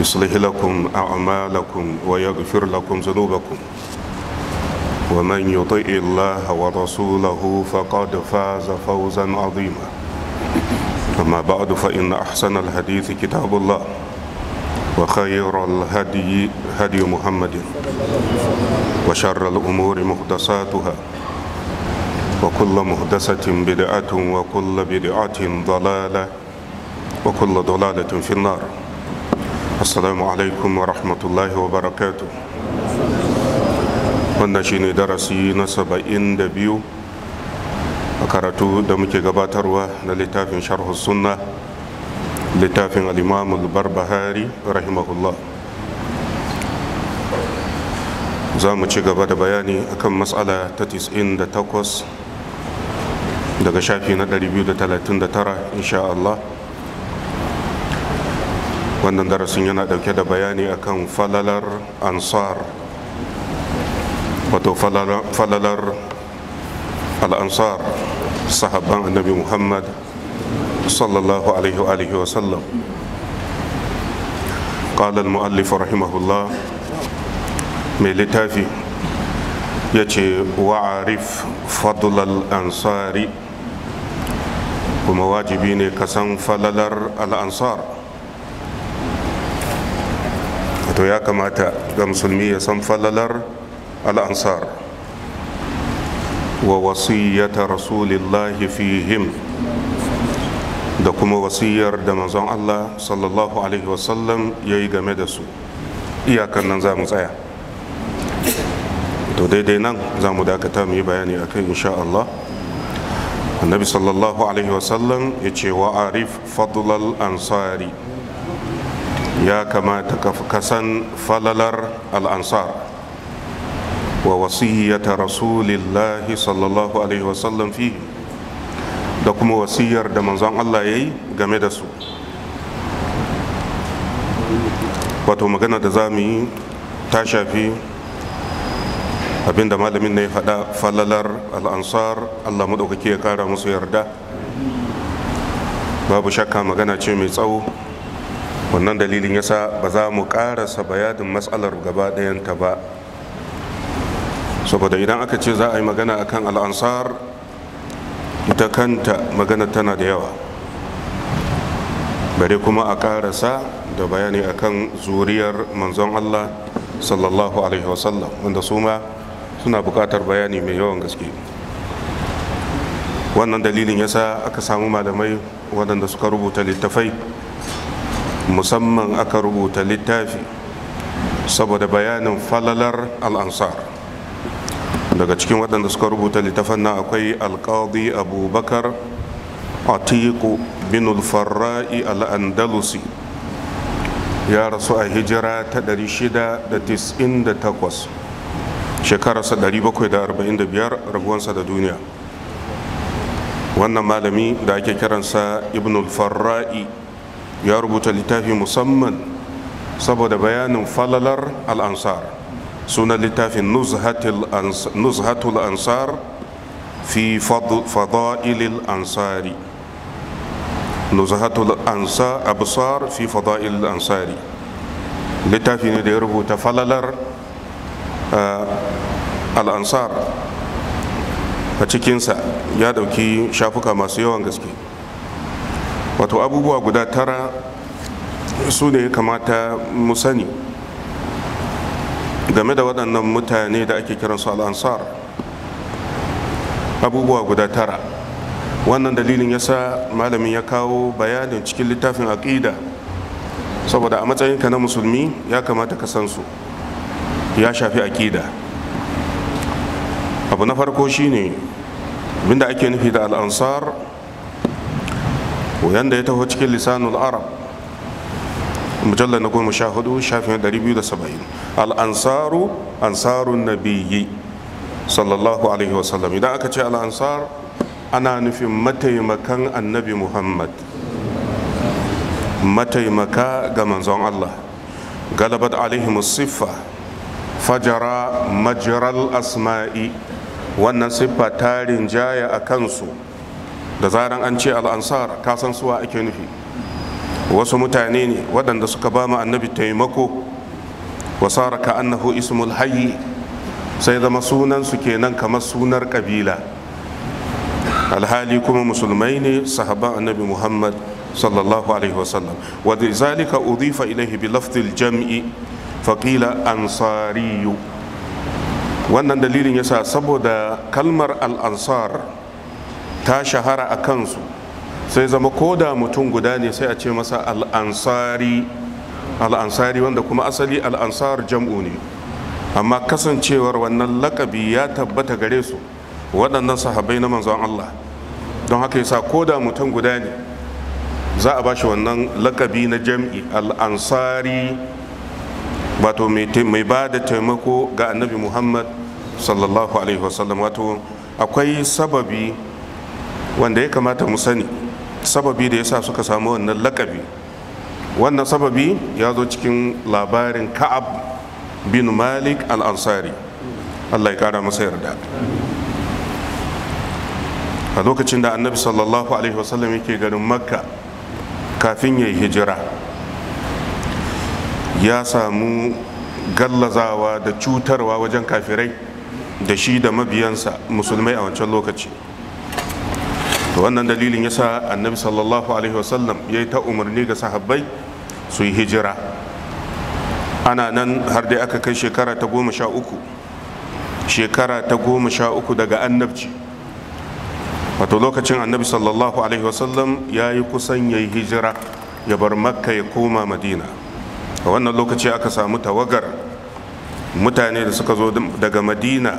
يصلح لكم أعمالكم ويغفر لكم ذنوبكم ومن يطيع الله ورسوله فقد فاز فوزا عظيما أما بعد فإن أحسن الحديث كتاب الله وخير الهدي هدي محمد وشر الأمور محدثاتها وكل مهدسة بدعة وكل بدعة ضلالة وكل ضلالة في النار assalamu alaikum wa rahmatullahi wa barakatu wannan shine darasi na saba'in da biyu a karatu da muke gabatarwa na littafin sharhu sunna littafin al'imamul barbahari rahimahullah za mu ci gaba da bayani akan matsala ta 98 daga shafi na 239 insha Allah wannan darasin yana dauke da bayani akan falalar ansar wato falalar al'ansar sahabban annabi muhammad sallallahu alaihi wa sallam قال المؤلف رحمه الله mai littafi ya ce wa'arif fadlal ansari kuma wajibi ne ka san falalar al'ansar to ya kamata ga musulmi ya san falalar al'ansar wa wasiyyata rasulillahi fihim da kuma wasiyar da manzon Allah sallallahu alaihi wasallam ya yi game da su iyakan nan za mu tsaya to daidai nan za mu dakata mu yi bayani a kai insha Allah annabi sallallahu alaihi wasallam ya ce wa arif fadlal ansari ya kamata ka san falalar al'ansar wa wasiyyata rasulillahi sallallahu alaihi wasallam fi da kuma wasiyar da manzon Allah ya yi game da su wato magana da za mu yi ta shafi abinda malamin na ya faɗa falalar al'ansar Allah maɗaukaki ya ƙara musu yarda babu shakka magana ce mai tsawo wannan dalilin yasa ba za mu karasa bayanin matsalar gaba ɗayanta ba saboda idan aka ce za a yi magana akan al'ansar ita kanta magana tana da yawa bare kuma a karasa da bayani akan zuriyar manzon Allah sallallahu alaihi wasallam wanda su ma suna buƙatar bayani mai yawan gaske wannan dalilin yasa aka samu malamai waɗanda suka rubuta littafai musamman aka rubuta littafi saboda bayanin falalar al'ansar daga cikin waɗanda suka rubuta littafan nan akwai alƙadi abubakar atiku bin farra'i al'andalusi ya rasu a hijira ta 698 shekararsa 745 rabuwansa da duniya wannan malami da ake kiransa ibn farra'i ya rubuta littafi musamman saboda bayanin falalar al'ansar sunan littafin nuzhatul ansar fi fada'ilil ansari nuzhatul absar fi fada'ilil littafi ne da ya rubuta falalar eh, al'ansar a cikinsa ya dauki shafuka masu yawan gaske wato abubuwa guda tara su ne kamata mu sani game da waɗannan mutane da ake kiransu al'ansar abubuwa guda tara wannan dalilin ya sa malamin ya kawo bayanin cikin littafin aƙida saboda a matsayin ka na musulmi ya kamata ka san su ya shafi aƙida abu na farko shine abinda ake nufi da al'ansar yanda ya taho cikin lisanul arab mujallar na goma sha hudu shafin dari biyu da saba'in al'ansaru ansarun nabiyyi sallallahu alaihi wasallam idan aka ce al'ansar ana nufin mataimakan annabi muhammad mataimaka ga manzon allah galabat alaihi siffa fajara majiral asma'i wannan siffa tarin jaya a kansu da zaran an ce al'ansar ka suwa ake nufi wasu mutane ne waɗanda suka ba mu annabi taimako wasara ka annahu ismul hayyi sai zama sunansu kenan kamar sunar ƙabila alhali kuma musulmai ne sahaban annabi muhammad sallallahu alaihi wasallam wadda zalika udifa ilaihi bi lafdil jam'i faƙila ansariyu wannan dalilin yasa saboda kalmar al'ansar ta shahara a kansu sai zama ko da mutum guda ne sai a ce masa al'ansari al'ansari wanda kuma asali al'ansar jam'u ne amma kasancewar wannan lakabi ya tabbata gare su waɗannan sahabai na manzon Allah don haka yasa ko da mutum guda ne za a bashi wannan lakabi na jam'i al'ansari wato mai ba da taimako ga annabi muhammad sallallahu alaihi wasallam wato akwai sababi wanda ya kamata mu sani sababi da yasa suka samu wannan lakabi wannan sababi ya zo cikin labarin ka'ab bin malik al-ansari allah ya kara masa yarda a lokacin da annabi sallallahu alaihi wasallam yake garin makka kafin ya yi hijira ya samu gallazawa da cutarwa wajen kafirai da shi da mabiyansa musulmai a wancan lokaci wannan dalilin yasa annabi sallallahu alaihi wasallam ya yi ta umarni ga sahabbai su yi hijira ana nan har dai aka kai shekara ta goma sha uku shekara ta goma sha uku daga annabci wato lokacin annabi sallallahu alaihi wasallam ya yi kusan ya yi hijira ya bar makka ya koma madina a wannan lokaci aka samu tawagar mutane da suka zo daga madina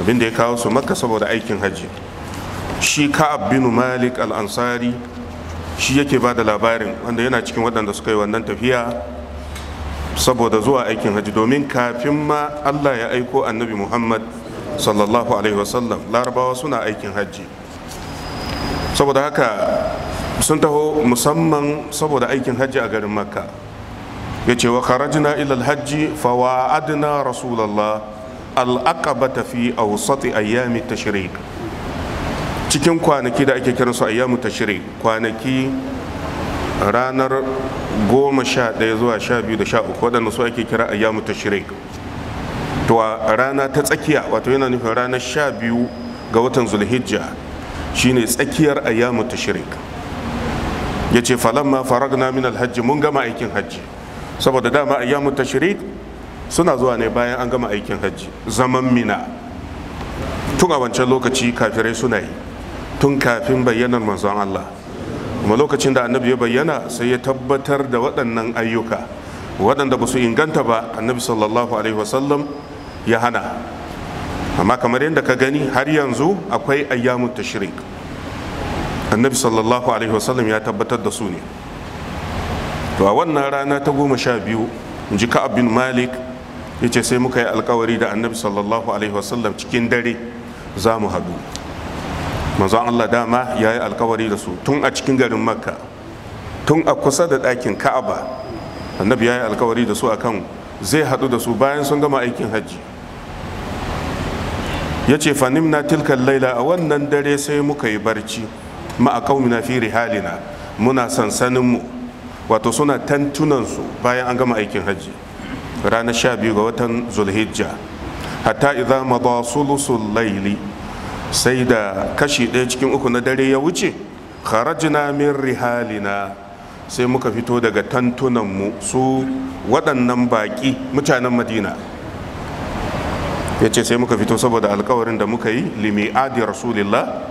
abinda ya kawo su makka saboda aikin hajji shi ka'ab bin malik al-ansari shi yake ba da labarin wanda yana cikin waɗanda suka yi wannan tafiya saboda zuwa aikin hajji domin kafin ma allah ya aiko annabi muhammad sallallahu alaihi wasallam larabawa suna aikin hajji saboda haka sun taho musamman saboda aikin hajji a garin makka ya ce wa kharajna ilal hajji fa wa'adna rasulallah al fi awsati ayyami tashrik cikin kwanaki da ake kiransu ayyamu shirin kwanaki ranar goma sha ɗaya zuwa sha biyu da sha uku waɗanda su ake kira ayyamu tashri to rana ta tsakiya wato yana nufin ranar sha biyu ga watan zulhijja shine tsakiyar ayyamu shirin. ya ce falamma na min alhaji mun gama aikin hajji saboda dama ayyamu tashrik suna zuwa ne bayan an gama aikin hajji zaman mina tun a wancan lokaci kafirai suna yi tun kafin bayyanar manzon Allah kuma lokacin da annabi ya bayyana sai ya tabbatar da waɗannan ayyuka waɗanda ba su inganta ba annabi sallallahu alaihi wasallam ya hana amma kamar yadda ka gani har yanzu akwai ayyamun tashrik annabi sallallahu alaihi wasallam ya tabbatar da su ne to a wannan rana ta goma sha biyu in ji ka'ab bin malik ya ce sai muka yi alkawari da annabi sallallahu alaihi wasallam cikin dare za mu haɗu manzon Allah dama ya yi alkawari da su tun a cikin garin makka tun a kusa da ɗakin ka'aba annabi ya yi alkawari da su akan zai haɗu da su bayan sun gama aikin hajji ya ce fanim na tilkan laila a wannan dare sai muka yi barci ma'akaumina fi rihalina muna sansaninmu wato suna tantunansu bayan an gama aikin hajji ranar sha biyu ga watan zulhijja hatta idan madasulusul laili sai da kashi ɗaya cikin uku na dare ya wuce kharajna min rihalina sai muka fito daga tantunanmu su waɗannan baƙi mutanen madina ya ce sai muka fito saboda alkawarin da muka yi limi'adi rasulillah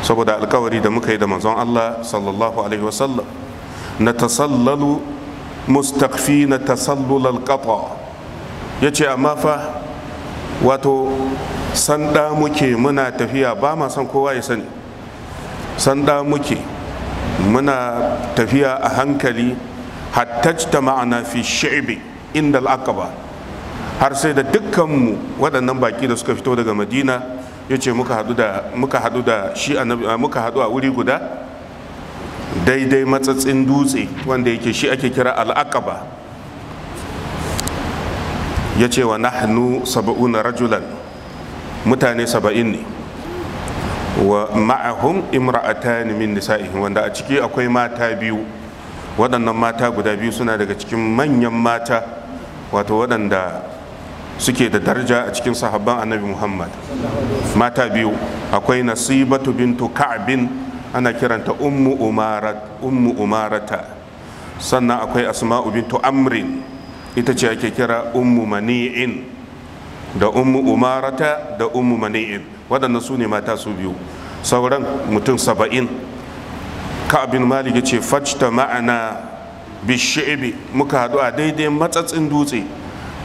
saboda alkawari da muka yi da manzon allah sallallahu alaihi wasallam na tasallalu mustakfi na tasallul alkata ya ce amma fa wato sanda muke muna tafiya ba ma san kowa ya sani sanda muke muna tafiya a hankali hattajta ma'ana fi shi'bi inda ba. har sai da dukkanmu waɗannan baki da suka fito daga madina ya ce muka haɗu da shi muka haɗu a wuri guda daidai matsatsin dutse wanda yake shi ake kira ba. ya ce wa nahnu saba'una rajulan mutane saba'in ne wa ma'ahum imra'atan min nisa'ihim wanda a ciki akwai mata biyu waɗannan mata guda biyu suna daga cikin manyan mata wato waɗanda suke da daraja a cikin sahabban annabi muhammad mata biyu akwai nasibatu bintu ka'bin ana kiranta ummu umarat ummu umarata sannan akwai asma'u bintu amrin ita ce ake kira ummu mani'in da ummu umarata da ummu mani'in waɗannan su ne mata su biyu sauran mutum saba'in ka'abin malik ya ce fajta ma'ana bishi'ibi muka haɗu a daidai matsatsin dutse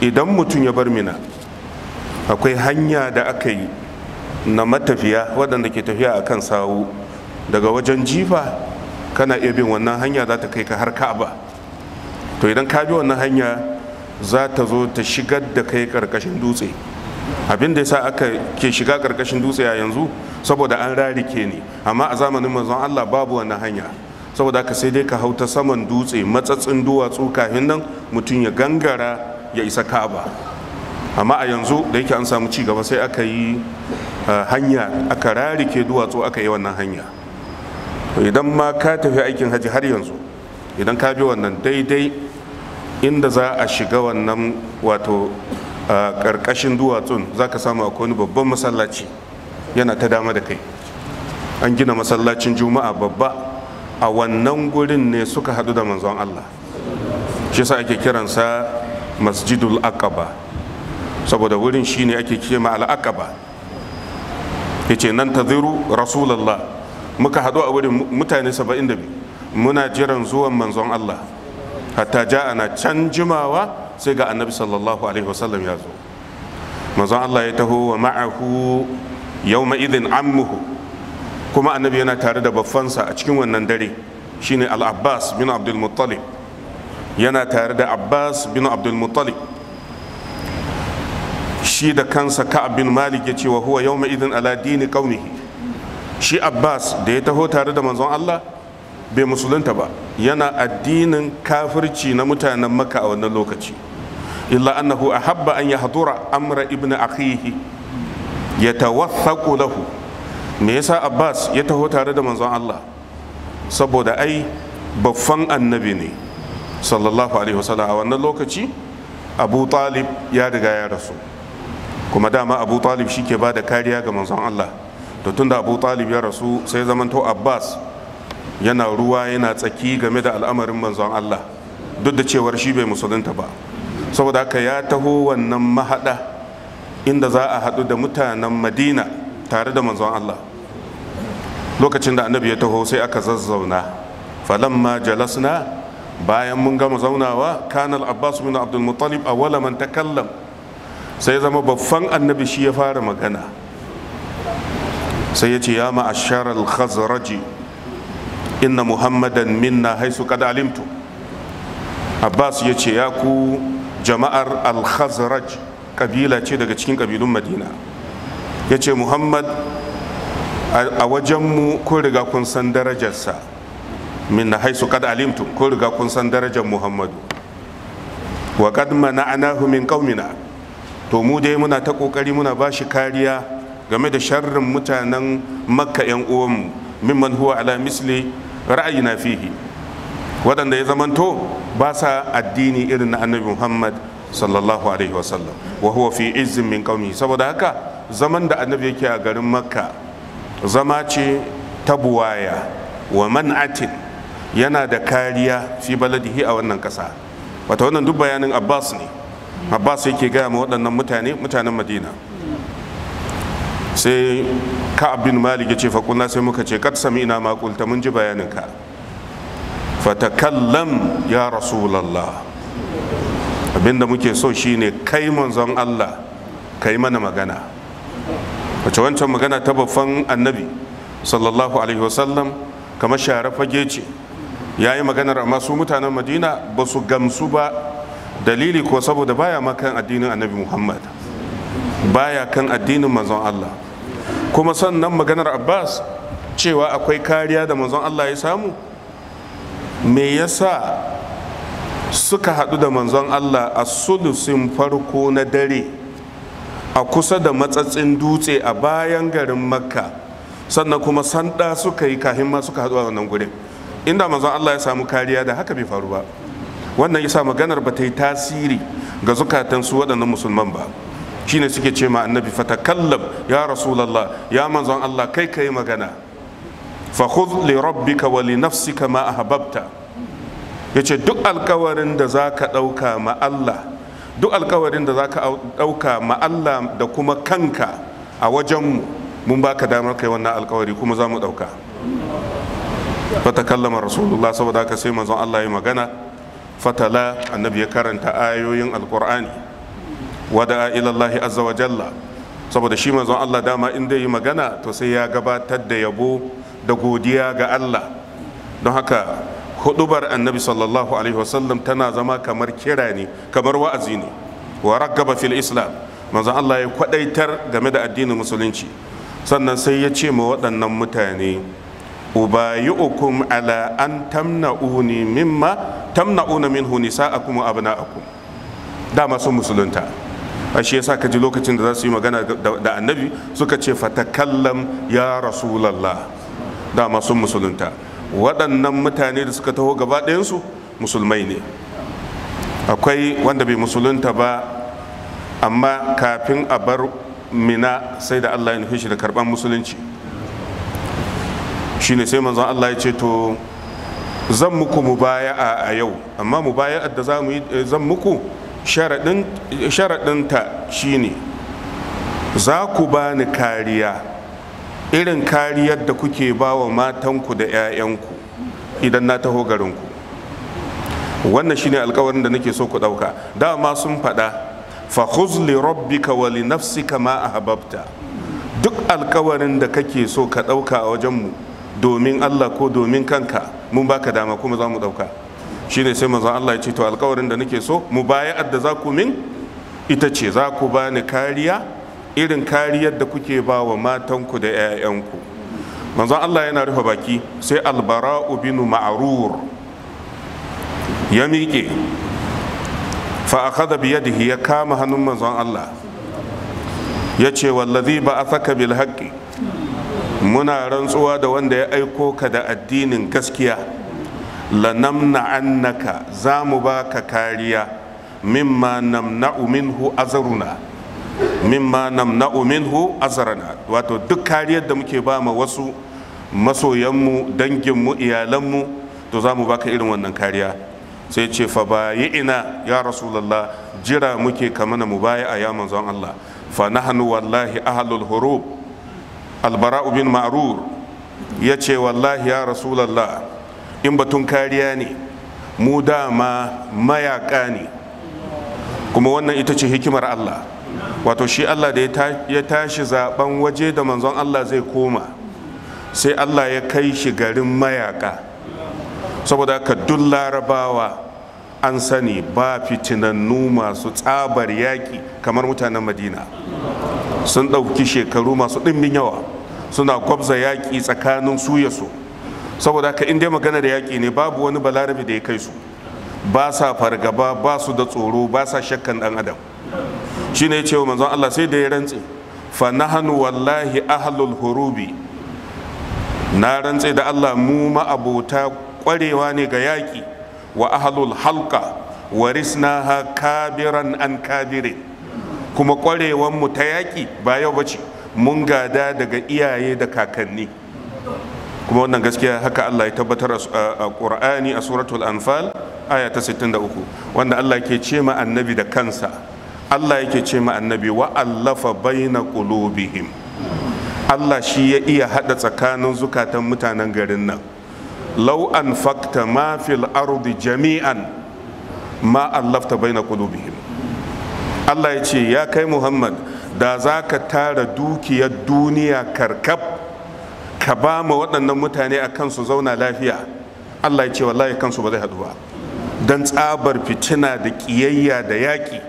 idan mutum ya bar mina akwai hanya da aka yi na matafiya waɗanda ke tafiya a kan sawu daga wajen jifa kana iya bin wannan hanya za ta kai ka har ka'aba to idan ka bi wannan hanya za ta zo ta shigar da kai karkashin dutse abin da sa aka ke shiga karkashin dutse a yanzu saboda an rarike ne amma a zamanin manzon Allah babu wani hanya saboda ka sai dai ka hau ta saman dutse matsatsin duwatsu kafin nan mutum ya gangara ya isa kaba. amma a yanzu da yake an samu ci gaba sai aka yi eh, hanya aka rarike duwatsu aka yi wannan hanya idan ma ka tafi aikin haji har yanzu idan ka bi wannan daidai inda za a shiga wannan wato ƙarƙashin duwatsun za ka samu akwai wani babban masallaci yana ta dama da kai an gina masallacin juma'a babba a wannan gurin ne suka haɗu da manzon allah shi sa ake kiransa masjidul aqaba saboda wurin shine ake kema al'aqaba ya ce nan ta ziru rasulallah muka haɗu a wurin mutane 72 muna jiran zuwan manzon allah hatta ja ana can jimawa sai ga annabi sallallahu alaihi wasallam ya zo manzon Allah ya taho wa ma'ahu yau ma'izin ammuhu kuma annabi yana tare da baffansa a cikin wannan dare shine al-abbas bin abdul muttalib yana tare da abbas bin abdul muttalib shi da kansa ka'ab bin malik ya ce wa huwa yau ma'izin ala dini shi abbas da ya taho tare da manzon Allah bai musulunta ba yana addinin kafirci na mutanen maka a wannan lokaci illa annahu ahabba an yahdura amra ibn akhihi yatawathaqu lahu me yasa abbas ya taho tare da manzon Allah saboda ai babban annabi ne sallallahu alaihi wasallam a wannan lokaci abu talib ya riga ya rasu kuma dama abu talib shi ke ba da kariya ga manzon Allah da tunda abu talib ya rasu sai zamanto abbas yana ruwa yana tsaki game da al'amarin manzon Allah duk da cewar shi bai musulunta ba saboda haka ya taho wannan mahada inda za a haɗu da mutanen madina tare da manzon Allah lokacin da annabi ya taho sai aka zazzauna falamma jalasna bayan mun gama zaunawa kanal abbas bin abdul muttalib awwala man takallam sai zama babban annabi shi ya fara magana sai ya ce ya ma'ashar al-khazraji inna muhammadan minna haisu kada alimtu abbas ya ce ya ku jama'ar al-khazraj kabila ce daga cikin kabilun madina ya ce muhammad a wajenmu ko riga kun san darajarsa minna haisu kada alimtu ko riga kun san darajar muhammadu wa kad mana'anahu min qaumina to mu dai muna ta kokari muna ba shi kariya game da sharrin mutanen makka yan uwanmu mimman huwa ala misli na fihi waɗanda ya zamanto ba sa addini irin na annabi muhammad sallallahu alaihi wasallam wa huwa fi izzin min kauni saboda haka zaman da annabi yake a garin makka zama ce ta buwaya wa man'atin yana da kariya fi baladihi a wannan ƙasa wata wannan duk bayanin abbas ne abbas yake gaya ma waɗannan mutane mutanen madina sai ka abin malik ya ce faƙuna sai muka ce kad ina makulta mun ji bayaninka fatakallam ya rasulallah abinda muke so shine kai manzon Allah kai mana magana wace wancan magana ta babban annabi sallallahu alaihi wasallam kamar share fage ce ya yi maganar amma su mutanen madina ba su gamsu ba dalili ko saboda baya makan addinin annabi muhammad baya kan addinin manzon Allah kuma sannan maganar abbas cewa akwai kariya da manzon allah ya samu me yasa suka hadu da manzon allah a sulusin farko na dare a kusa da matsatsin dutse a bayan garin makka sannan kuma sanda suka yi kahin ma suka hadu a wannan gurin inda manzon allah ya samu kariya da haka bai faru ba wannan yasa maganar ba ta yi tasiri ga zukatansu waɗannan musulman ba shine suke ce ma annabi fatakallam ya rasulullah ya manzon Allah kai yi magana fa khudh li rabbika wa li nafsika ma ahbabta yace duk alkawarin da zaka dauka ma Allah duk alkawarin da zaka dauka ma Allah da kuma kanka a wajen mu mun baka damar kai wannan alkawari kuma za mu dauka fatakallama rasulullah saboda haka sai manzon Allah ya magana fatala annabi ya karanta ayoyin alkur'ani wada ilallahi azza wa jalla saboda shi manzon Allah dama in dai magana to sai ya gabatar da yabo da godiya ga Allah don haka hudubar annabi sallallahu alaihi wasallam tana zama kamar kira ne kamar wa'azi ne wa raggaba fil islam manzon Allah ya kwadaitar game da addinin musulunci sannan sai ya ce ma waɗannan mutane ubayu'ukum ala an tamna'uni mimma tamna'una minhu nisa'akum wa abna'akum dama sun musulunta shi yasa ka ji lokacin da za su yi magana da annabi suka ce fatakallam ya rasulallah da masu musulunta waɗannan mutane da suka taho gaba ɗayansu musulmai ne akwai wanda bai musulunta ba amma kafin a bar mina sai da allah ya nufi shi da karɓar musulunci Shi ne sai manzon allah ya ce to zan muku baya a yau amma baya da za mu yi eh, zan muku sharaɗinta shine za ku ba ni kariya irin kariyar da kuke ba wa matanku da 'ya'yanku idan na taho garinku wannan shine alkawarin da nake so ku ɗauka dama sun faɗa fahuz li rabbika wa li nafsika ma ahbabta duk alkawarin da kake so ka ɗauka a wajenmu domin Allah ko domin kanka mun baka dama kuma za mu ɗauka shine sai manzon Allah ya ce to alƙawarin da nake so mu baya da za ku min ita ce za ku ba ni kariya irin kariyar da kuke ba wa matanku da 'ya'yanku manzon Allah yana rufe baki sai albara'u bin ma'rur ya miƙe fa akhadha bi yadihi ya kama hannun manzon Allah ya ce wallazi ba saka bil haqqi muna rantsuwa da wanda ya aiko ka da addinin gaskiya lanamna annaka za mu ba ka kariya mimma namna'u minhu azaruna mimma namna'u minhu azarana wato duk kariyar da muke ba ma wasu masoyanmu danginmu iyalanmu to za mu baka irin wannan kariya sai ce fa bayi ina ya rasulallah jira muke kamana mu baya a ya manzon Allah fa nahnu wallahi ahlul hurub albara'u bin ma'rur yace wallahi ya rasulallah in batun kariya ne mu dama mayaka ne kuma wannan ita ce hikimar Allah wato shi Allah da ya tashi zaben waje da manzon Allah zai koma sai Allah ya kai shi garin mayaka saboda ka duk larabawa an sani ba fitinannu masu tsabar yaƙi kamar mutanen madina sun ɗauki shekaru masu ɗimbin yawa suna kwabza yaƙi tsakanin su saboda haka in dai da yaƙi ne babu wani balarabi da ya kai su ba sa fargaba ba su da tsoro ba sa shakkan dan adam shi ne cewa manzon Allah sai da ya rantse fa hannu wallahi ahlul hurubi na rantse da Allah mu ma'abota kwarewa ne ga yaƙi wa ahlul wa warisnaha kabiran an kabirin kuma kwarewan mu ta yaƙi ba yau bace mun gada daga iyaye da kakanni kuma wannan gaskiya haka Allah ya tabbatar a Qur'ani a suratul Anfal aya ta 63 wanda Allah yake ce ma annabi da kansa Allah yake ce ma annabi wa allafa baina qulubihim Allah shi ya iya hada tsakanin zukatan mutanen garin nan law anfaqta ma fil ardi jami'an ma allafta baina qulubihim Allah ya ce ya kai Muhammad da za ka tara dukiyar duniya karkab ka ba mu waɗannan mutane a kansu zauna lafiya allah ya ce wallahi kansu ba zai haɗu ba don tsabar fitina da ƙiyayya da yaƙi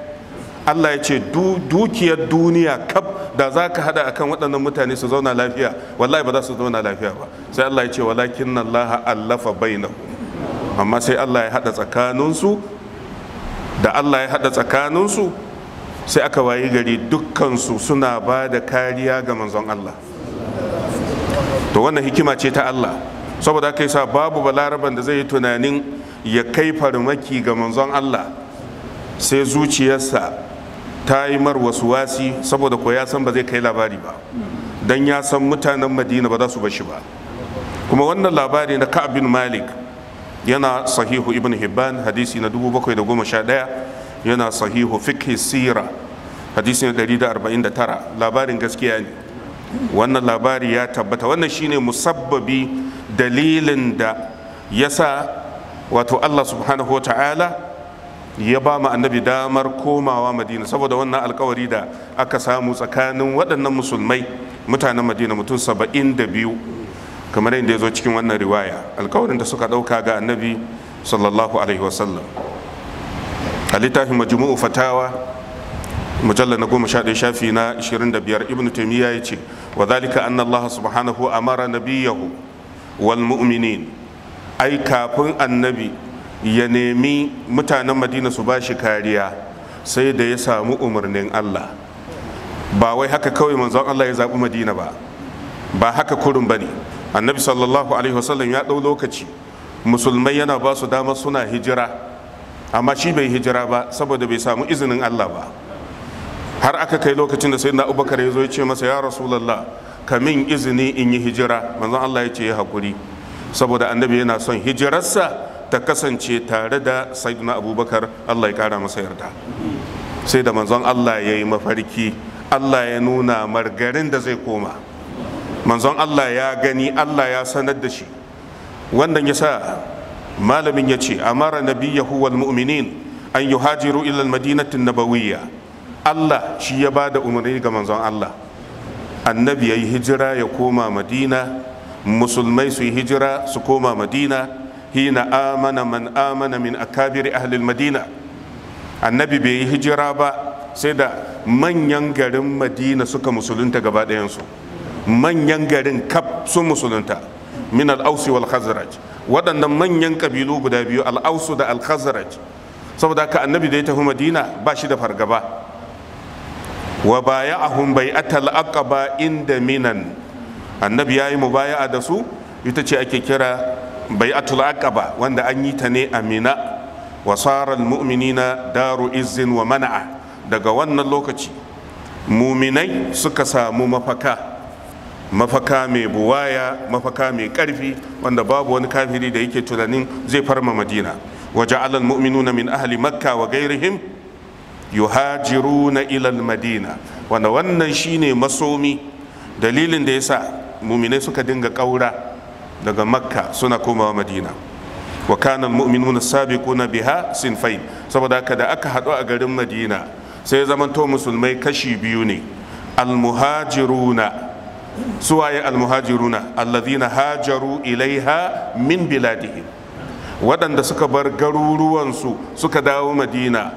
allah ya ce dukiyar duniya kaf da za ka haɗa akan waɗannan mutane su zauna lafiya wallahi ba za su zauna lafiya ba sai allah ya ce walakin laha allafa bainahu amma sai allah ya haɗa tsakaninsu da allah ya haɗa tsakaninsu sai aka wayi gari dukkansu suna ba da kariya ga manzon allah to wannan hikima ce ta Allah saboda haka sa babu balaraban da zai yi tunanin ya kai farmaki ga manzon Allah sai zuciyarsa ta yi marwasu wasi saboda ko ya san ba zai kai labari ba dan ya san mutanen Madina ba za su bashi ba kuma wannan labari na Ka'ab bin Malik yana sahihu Ibn Hibban hadisi na 711 yana sahihu fiqh sira hadisi na 149 labarin gaskiya ne wannan labari ya tabbata wannan shine musabbabi dalilin da ya sa wato Allah subhanahu wa ta'ala ya ba mu annabi damar komawa madina saboda wannan alkawari da aka samu tsakanin waɗannan musulmai mutanen madina mutum saba'in da biyu kamar yadda ya zo cikin wannan riwaya alkawarin da suka ɗauka ga annabi sallallahu alaihi wasallam a littafin majmu'u fatawa mujallar na goma sha ɗaya shafi na 25 ibn taimiyya ya ce وذلك أن الله سبحانه أمر نبيه والمؤمنين أي كافر النبي ينمي متى kariya sai da ya samu umarnin Allah. ba wai haka kawai manzon Allah ya zabi Madina ba ba haka kurun bane annabi sallallahu alaihi wasallam ya ɗau lokaci musulmai yana ba su damar suna hijira amma shi bai hijira ba saboda bai samu izinin Allah ba har aka kai lokacin da sayyidina abubakar ya zo ya ce masa ya rasulullah ka min izini in yi hijira manzon Allah ya ce ya haƙuri. saboda annabi yana son hijirarsa ta kasance tare da sayyidina abubakar Allah ya ƙara masa yarda sai da manzon Allah ya yi mafarki Allah ya nuna margarin da zai koma manzon Allah ya gani Allah ya sanar da shi wannan ya sa malamin ya ce amara nabiyahu wal mu'minin an yuhajiru ila al-madinati nabawiyya Allah shi ya ba da umarni ga manzon Allah annabi ya yi hijira ya koma madina musulmai su yi hijira su koma madina hina amana man amana min akabiri ahlil madina annabi bai yi hijira ba sai da manyan garin madina suka musulunta gaba ɗayansu manyan garin kaf sun musulunta min al'ausi wal khazraj waɗannan manyan kabilu guda biyu al'ausu da al khazraj saboda ka annabi da ya tafi madina ba shi da fargaba wa baya'ahum bai'atal aqaba inda minan annabi yayi mubaya'a da su ita ce ake kira bai'atul aqaba wanda an yi ta ne a mina wa sara almu'minina daru izzin wa mana'a daga wannan lokaci muminai suka samu mafaka mafaka mai buwaya mafaka mai karfi wanda babu wani kafiri da yake tunanin zai farma madina wa ja'alal mu'minuna min ahli makka wa gairihim yuhajiruna ilal madina wanda wannan shine masomi dalilin da yasa muminai suka dinga ƙaura daga makka suna komawa madina wa kana almu'minuna sabiquna biha sinfai saboda haka da aka haɗu a garin madina sai zamanto musulmai kashi biyu ne almuhajiruna suwaye almuhajiruna alladhina hajaru ilaiha min biladihim waɗanda suka bar garuruwansu suka dawo madina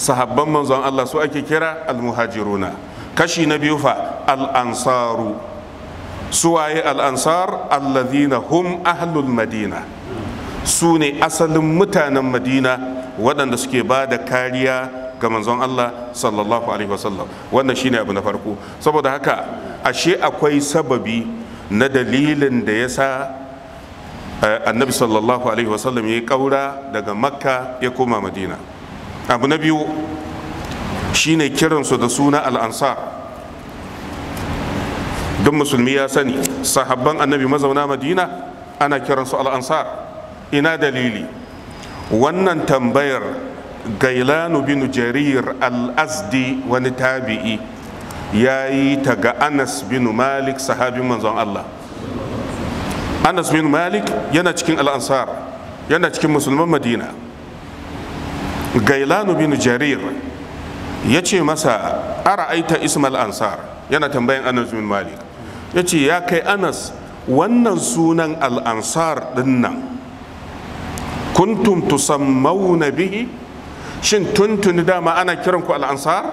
sahabban manzon Allah su ake kira almuhajiruna kashi na biyu fa al'ansaru suwaye al'ansar allazina hum ahlul madina su ne asalin mutanen madina waɗanda suke ba da kariya ga manzon Allah sallallahu alaihi wasallam wannan shine abu na farko saboda haka ashe akwai sababi na dalilin da ya sa eh, annabi sallallahu alaihi wasallam ya yi ƙaura daga makka ya koma madina abu na biyu shine kiransu da suna al'ansar duk musulmi ya sani sahabban annabi mazauna madina ana kiransu al'ansar ina dalili wannan tambayar gailanu bin jarir al-azdi wani tabi'i ya yi ta ga anas bin malik sahabin manzon allah anas bin malik yana cikin al'ansar yana cikin musulman madina gailanu bin jarir ya ce masa ara'aita ismal ansar yana tambayan anas bin malik ya ce ya kai anas wannan sunan al'ansar dinnan kuntum tusammauna bihi shin tuntuni dama ana kiranku al'ansar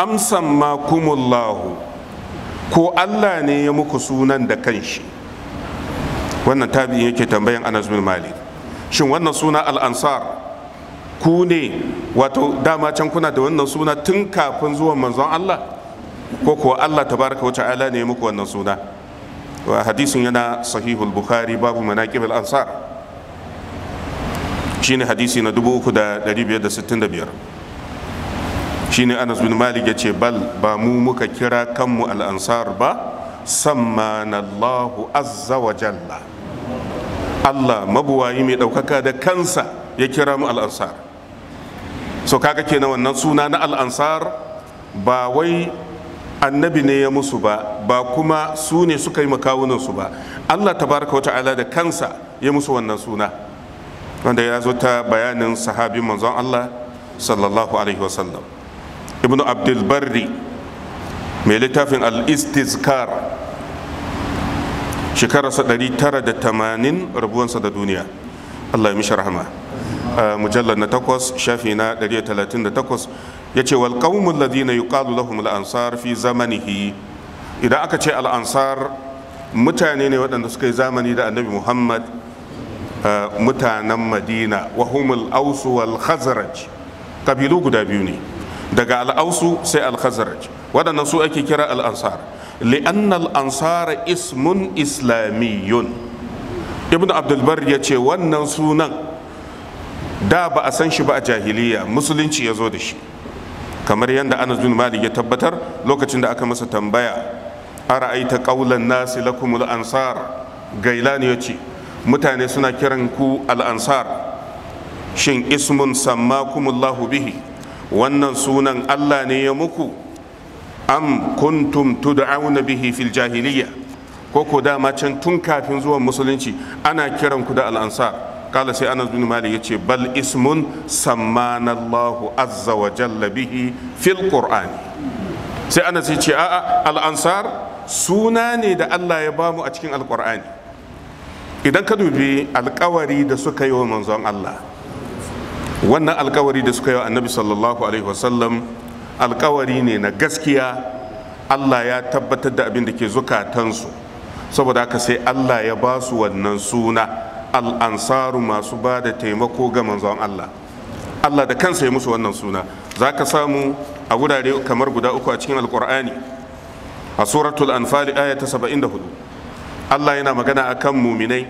amsan makumullahu ko allah ne ya muku sunan da kanshi wannan tabi'in yake tambayan anas bin malik shin wannan suna al'ansar ku ne wato dama can kuna da wannan suna tun kafin zuwan manzon Allah ko kuwa Allah tabaraka wata ala ne muku wannan suna wa hadisin yana sahihul bukhari babu manaqib al'ansar? Shi ne hadisi na 3565 ne Anas bin Malik yace bal ba mu muka kira kanmu al'ansar ba sammanallahu azza wa jalla Allah mabuwayi mai ɗaukaka da kansa ya kira mu al'ansar so kaga kenan wannan suna na al'ansar ba wai annabi ne ya musu ba ba kuma su ne suka yi makawunansu ba Allah ta baraka wa ta'ala da kansa ya musu wannan suna wanda ya zo ta bayanin sahabin manzon Allah sallallahu alaihi wasallam ibnu abdul mai littafin al-istizkar shekararsa 980 rabuwansa da duniya Allah ya mishi rahama a mujallar na takwas shafi na 138 ya ce wal ladina yuqalu lahum al ansar fi zamanihi idan aka ce al'ansar ansar mutane ne waɗanda suka yi zamani da annabi muhammad mutanen madina wa humul ausu wal khazraj kabilu guda biyu ne daga al'ausu sai al khazraj waɗannan su ake kira al'ansar? li'annal ansara ismun islamiyun ibn abdulbar ya ce wannan sunan da ba a san shi ba a jahiliya musulunci ya zo da shi kamar yadda anas bin malik ya tabbatar lokacin da aka masa tambaya ara'aita qaulan nasi lakumul ansar gailani ya ce mutane suna kiran ku al'ansar shin ismun sammakumullahu bihi wannan sunan allah ne ya muku am kuntum tud'auna bihi fil jahiliya ko ko dama can tun kafin zuwan musulunci ana kiran ku da al'ansar kala sai anas bin malik yace bal ismun sammana Allahu azza wa jalla bihi fil qur'ani sai anas yace a'a al'ansar suna ne da Allah ya bamu a cikin alqur'ani idan ka dubi alkawari da suka yi wa manzon Allah wannan alkawari da suka yi wa annabi sallallahu alaihi wasallam alkawari ne na gaskiya allah ya tabbatar da abin da ke zukatansu saboda haka sai allah ya ba su wannan suna al'ansaru masu ba da taimako ga manzon allah allah da kansa ya musu wannan suna za ka samu a wurare kamar guda uku a cikin alkur'ani a suratul anfali aya ta 74 allah yana magana akan muminai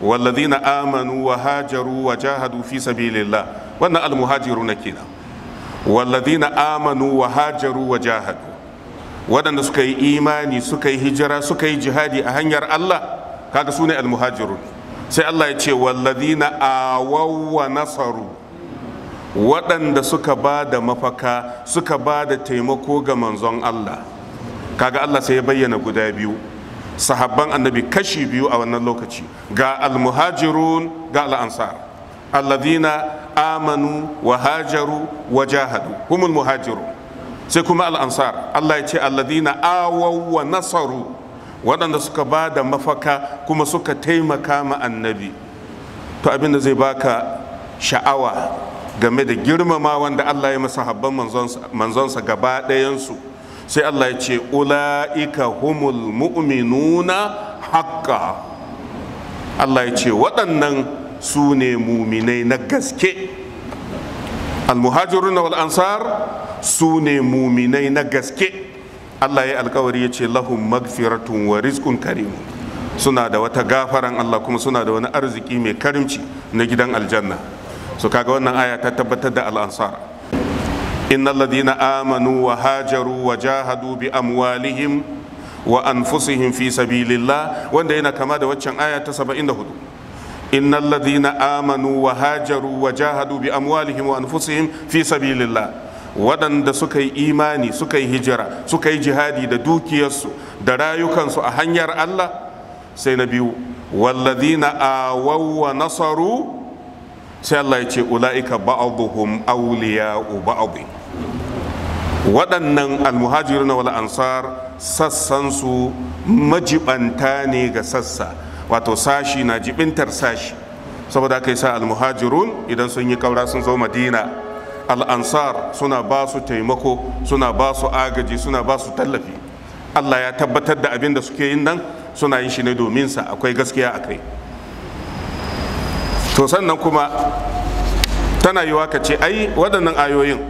wallazina amanu wa hajaru wa jahadu fi sabilillah wannan almuhajiru na kenan walladina amanu wa hajaru wa jahadu waɗanda suka yi imani suka yi hijira suka yi jihadi a hanyar Allah kaga su ne almuhajirun sai Allah ya ce walladina awaw wa nasaru waɗanda suka ba da mafaka suka ba da taimako ga manzon Allah kaga Allah sai ya bayyana guda biyu sahabban annabi kashi biyu a wannan lokaci ga almuhajirun ga al'ansar alladhina amanu wa hajaru wa jahadu humul muhajiru sai kuma al'ansar Allah ya ce alladhina awaw wa nasaru waɗanda suka ba da mafaka kuma suka taimaka ma annabi to abinda zai baka sha'awa game da girmama wanda Allah ya masa habban manzonsa gaba ɗayansu sai Allah ya ce ula'ika humul mu'minuna haƙƙa Allah ya ce waɗannan su ne muminai na gaske almuhajirun wal ansar su ne muminai na gaske Allah ya alkawari ya ce lahum magfiratun wa rizqun karim suna da wata gafaran Allah kuma suna da wani arziki mai karimci na gidan aljanna so kaga wannan aya ta tabbatar da al-ansar innal ladina amanu wa hajaru wa jahadu bi amwalihim wa anfusihim fi sabilillah wanda yana kama da waccan aya ta 74 innal ladina amanu wa hajaru wa jahadu bi amwalihim wa fi sabilillah waɗanda suka yi imani suka yi hijira suka yi jihadi da dukiyarsu da rayukansu a hanyar Allah sai na biyu walladina awaw wa nasaru sai Allah ya ce ula'ika ba'aduhum awliya'u ba'd waɗannan almuhajirun wal ansar sassan su majibanta ne ga sassa wato sashi na jibintar sashi saboda aka yi sa almuhajirun idan sun yi kaura sun zo madina al'ansar suna ba su taimako suna ba su agaji suna ba su tallafi allah ya tabbatar da abin da suke yin nan suna yin shi ne domin sa akwai gaskiya a kai to sannan kuma tana yiwa ka ce ai waɗannan ayoyin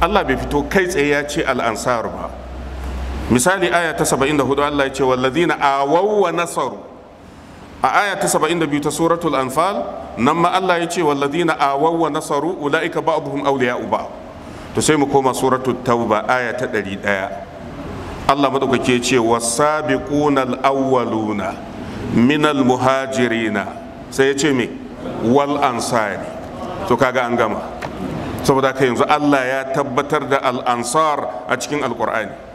allah bai fito kai tsaye ya ce al'ansar ba misali aya ta 74 allah ya ce wallazina awaw wa nasaru a aya ta 72 ta suratul anfal nan ma Allah ya ce walladina awaw wa nasaru ulaika ba'dhum ya uba. to sai mu koma suratul tauba aya ta 101 Allah madaukake ce wasabiquna al-awwaluna minal muhajirina sai ya ce me wal ansari to kaga an gama saboda haka yanzu Allah ya tabbatar da al ansar a cikin alqur'ani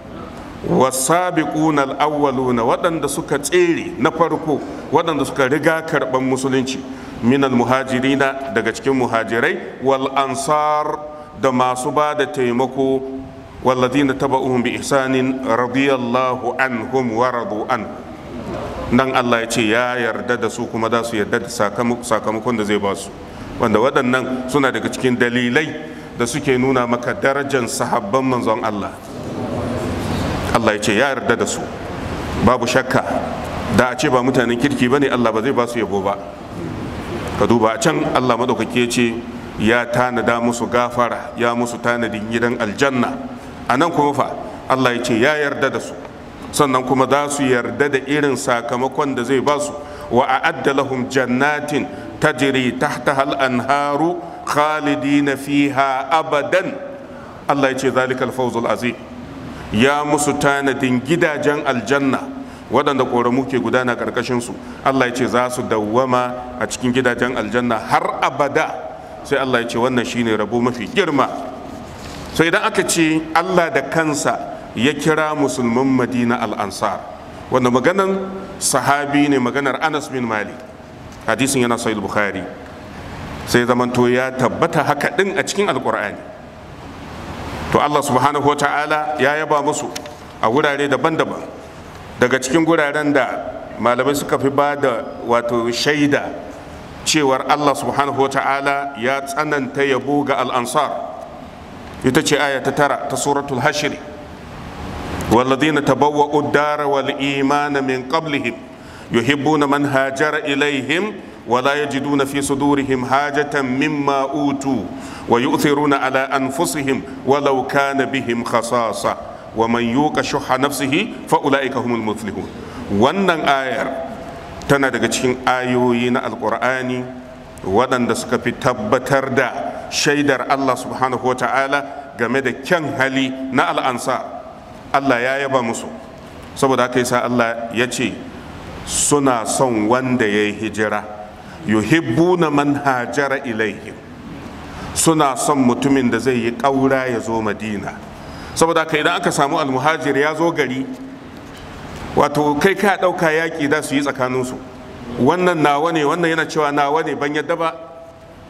wasabiquna al-awwaluna waɗanda suka tsere na farko waɗanda suka riga karɓar musulunci minal muhajirina daga cikin muhajirai wal da masu ba da taimako walladina taba'uhum bi isanin radiyallahu anhum wa radu an nan Allah ya ce ya yarda da su kuma za su yarda da sakamakon da zai ba su wanda waɗannan suna daga cikin dalilai da suke nuna maka darajar sahabban manzon Allah Allah ya ce ya yarda da su babu shakka da a ce ba mutanen kirki ne, Allah ba zai ba su yabo ba ka duba can Allah madaukake ce ya tanada musu gafara ya musu tanadin gidan aljanna a nan kuma fa Allah ya ce ya yarda da su sannan kuma za su yarda da irin sakamakon da zai ba su wa addala hum jannatin tajri tahtaha anharu khalidina fiha abadan Allah ya ce zalikal fawzul azim ya musu tanadin gidajen aljanna waɗanda ƙoramu ke gudana su Allah ya ce za su dawwama a cikin gidajen aljanna har abada sai Allah ya ce wannan shine rabo mafi girma Sai idan aka ce Allah da kansa ya kira musulman madina ansar wanda maganan sahabi ne maganar anas bin malik hadisin yana sahih bukhari sai zamanto ya tabbata haka din a cikin alƙur'ani to Allah subhanahu wata'ala ya yaba musu a wurare daban-daban daga cikin guraren da malamai suka fi ba da wato shaida cewar Allah subhanahu wata'ala ya tsananta yabo ga al'ansar ita ce aya ta tara ta suratul hashiri والذين تبوأوا الدار imana min قبلهم yuhibbuna من هاجر ولا يجدون في صدورهم حاجة مما أوتوا ويؤثرون على أنفسهم ولو كان بهم خصاصة ومن يوق شح نفسه فأولئك هم المفلحون wannan ayar tana daga cikin ayoyi na alkur'ani waɗanda suka fi tabbatar da shaidar Allah subhanahu wa ta'ala game da kyan hali na al'ansa Allah ya yaba musu saboda haka yasa Allah ya ce suna son wanda ya yi hijira yuhibbuna man hajara ilaihim suna son mutumin da zai yi ƙaura ya zo madina saboda kai idan aka samu almuhajir ya zo gari wato kai ka ɗauka yaƙi da su yi tsakaninsu wannan nawa ne wannan yana cewa nawa ne ban yadda ba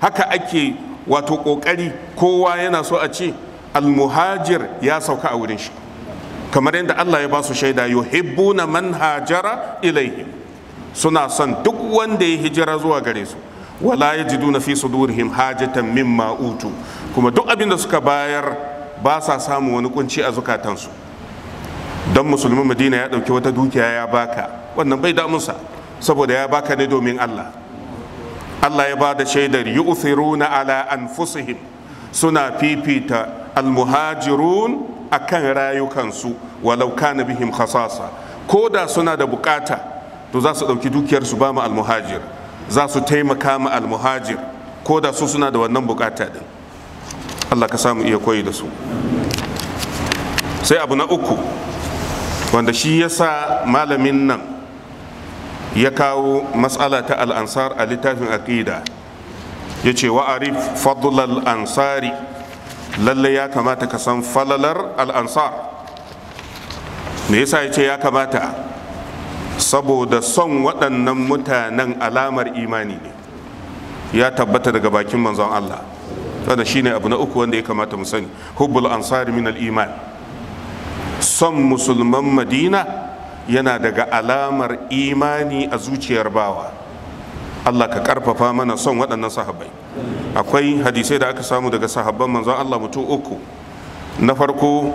haka ake wato ƙoƙari kowa yana so a ce almuhajir ya sauka a wurin shi kamar yadda allah ya ba su shaida yuhibbu man hajara ilaihim suna son duk wanda ya hijira zuwa gare su wala yajiduna fi sudurihim hajatan mimma utu kuma duk abin da suka bayar ba sa samun wani kunci a zukatansu don musulmin madina ya ɗauki wata dukiya ya baka wannan bai damunsa saboda ya baka ne domin allah allah ya ba da shaidar yu'thiruna ala anfusihim suna fifita almuhajirun akan rayukansu walau kana bihim khasasa ko da suna da bukata to za su ɗauki dukiyarsu su ba mu almuhajir za su taimaka ma almuhajir ko da su suna da wannan bukata ɗin Allah ka samu iya koyi da su sai abu na uku wanda shi ya sa malamin nan ya kawo matsala ta al'ansar a littafin aqida ya ce wa'arif fadlal ansari lalle ya kamata ka san falalar al'ansar me yasa ya ce ya kamata saboda son waɗannan mutanen alamar imani ne ya tabbata daga bakin manzon Allah wannan shine abu na uku wanda ya kamata mu sani hubbul ansari min iman son musulman madina yana daga alamar imani a zuciyar bawa Allah ka karfafa mana son waɗannan sahabbai akwai hadisai da aka samu daga sahabban manzon Allah mutum uku na farko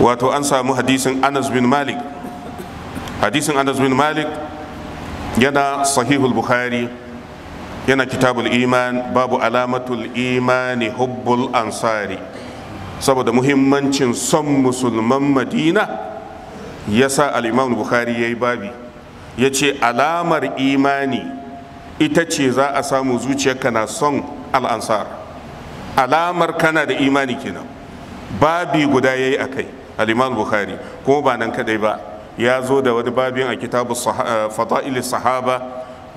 wato an samu hadisin anas bin malik hadisin anas bin malik yana sahihul bukhari yana kitabul iman babu alamatul imani hubbul ansari saboda muhimmancin son musulman madina ya sa al'imam bukhari ya yi babi ya ce alamar imani ita ce za a samu zuciyarka na son al'ansar alamar kana da imani kenan babi guda ya yi a kai al-imam bukhari ko ba nan kadai ba ya zo da wani babin a kitabu eh, fada'il sahaba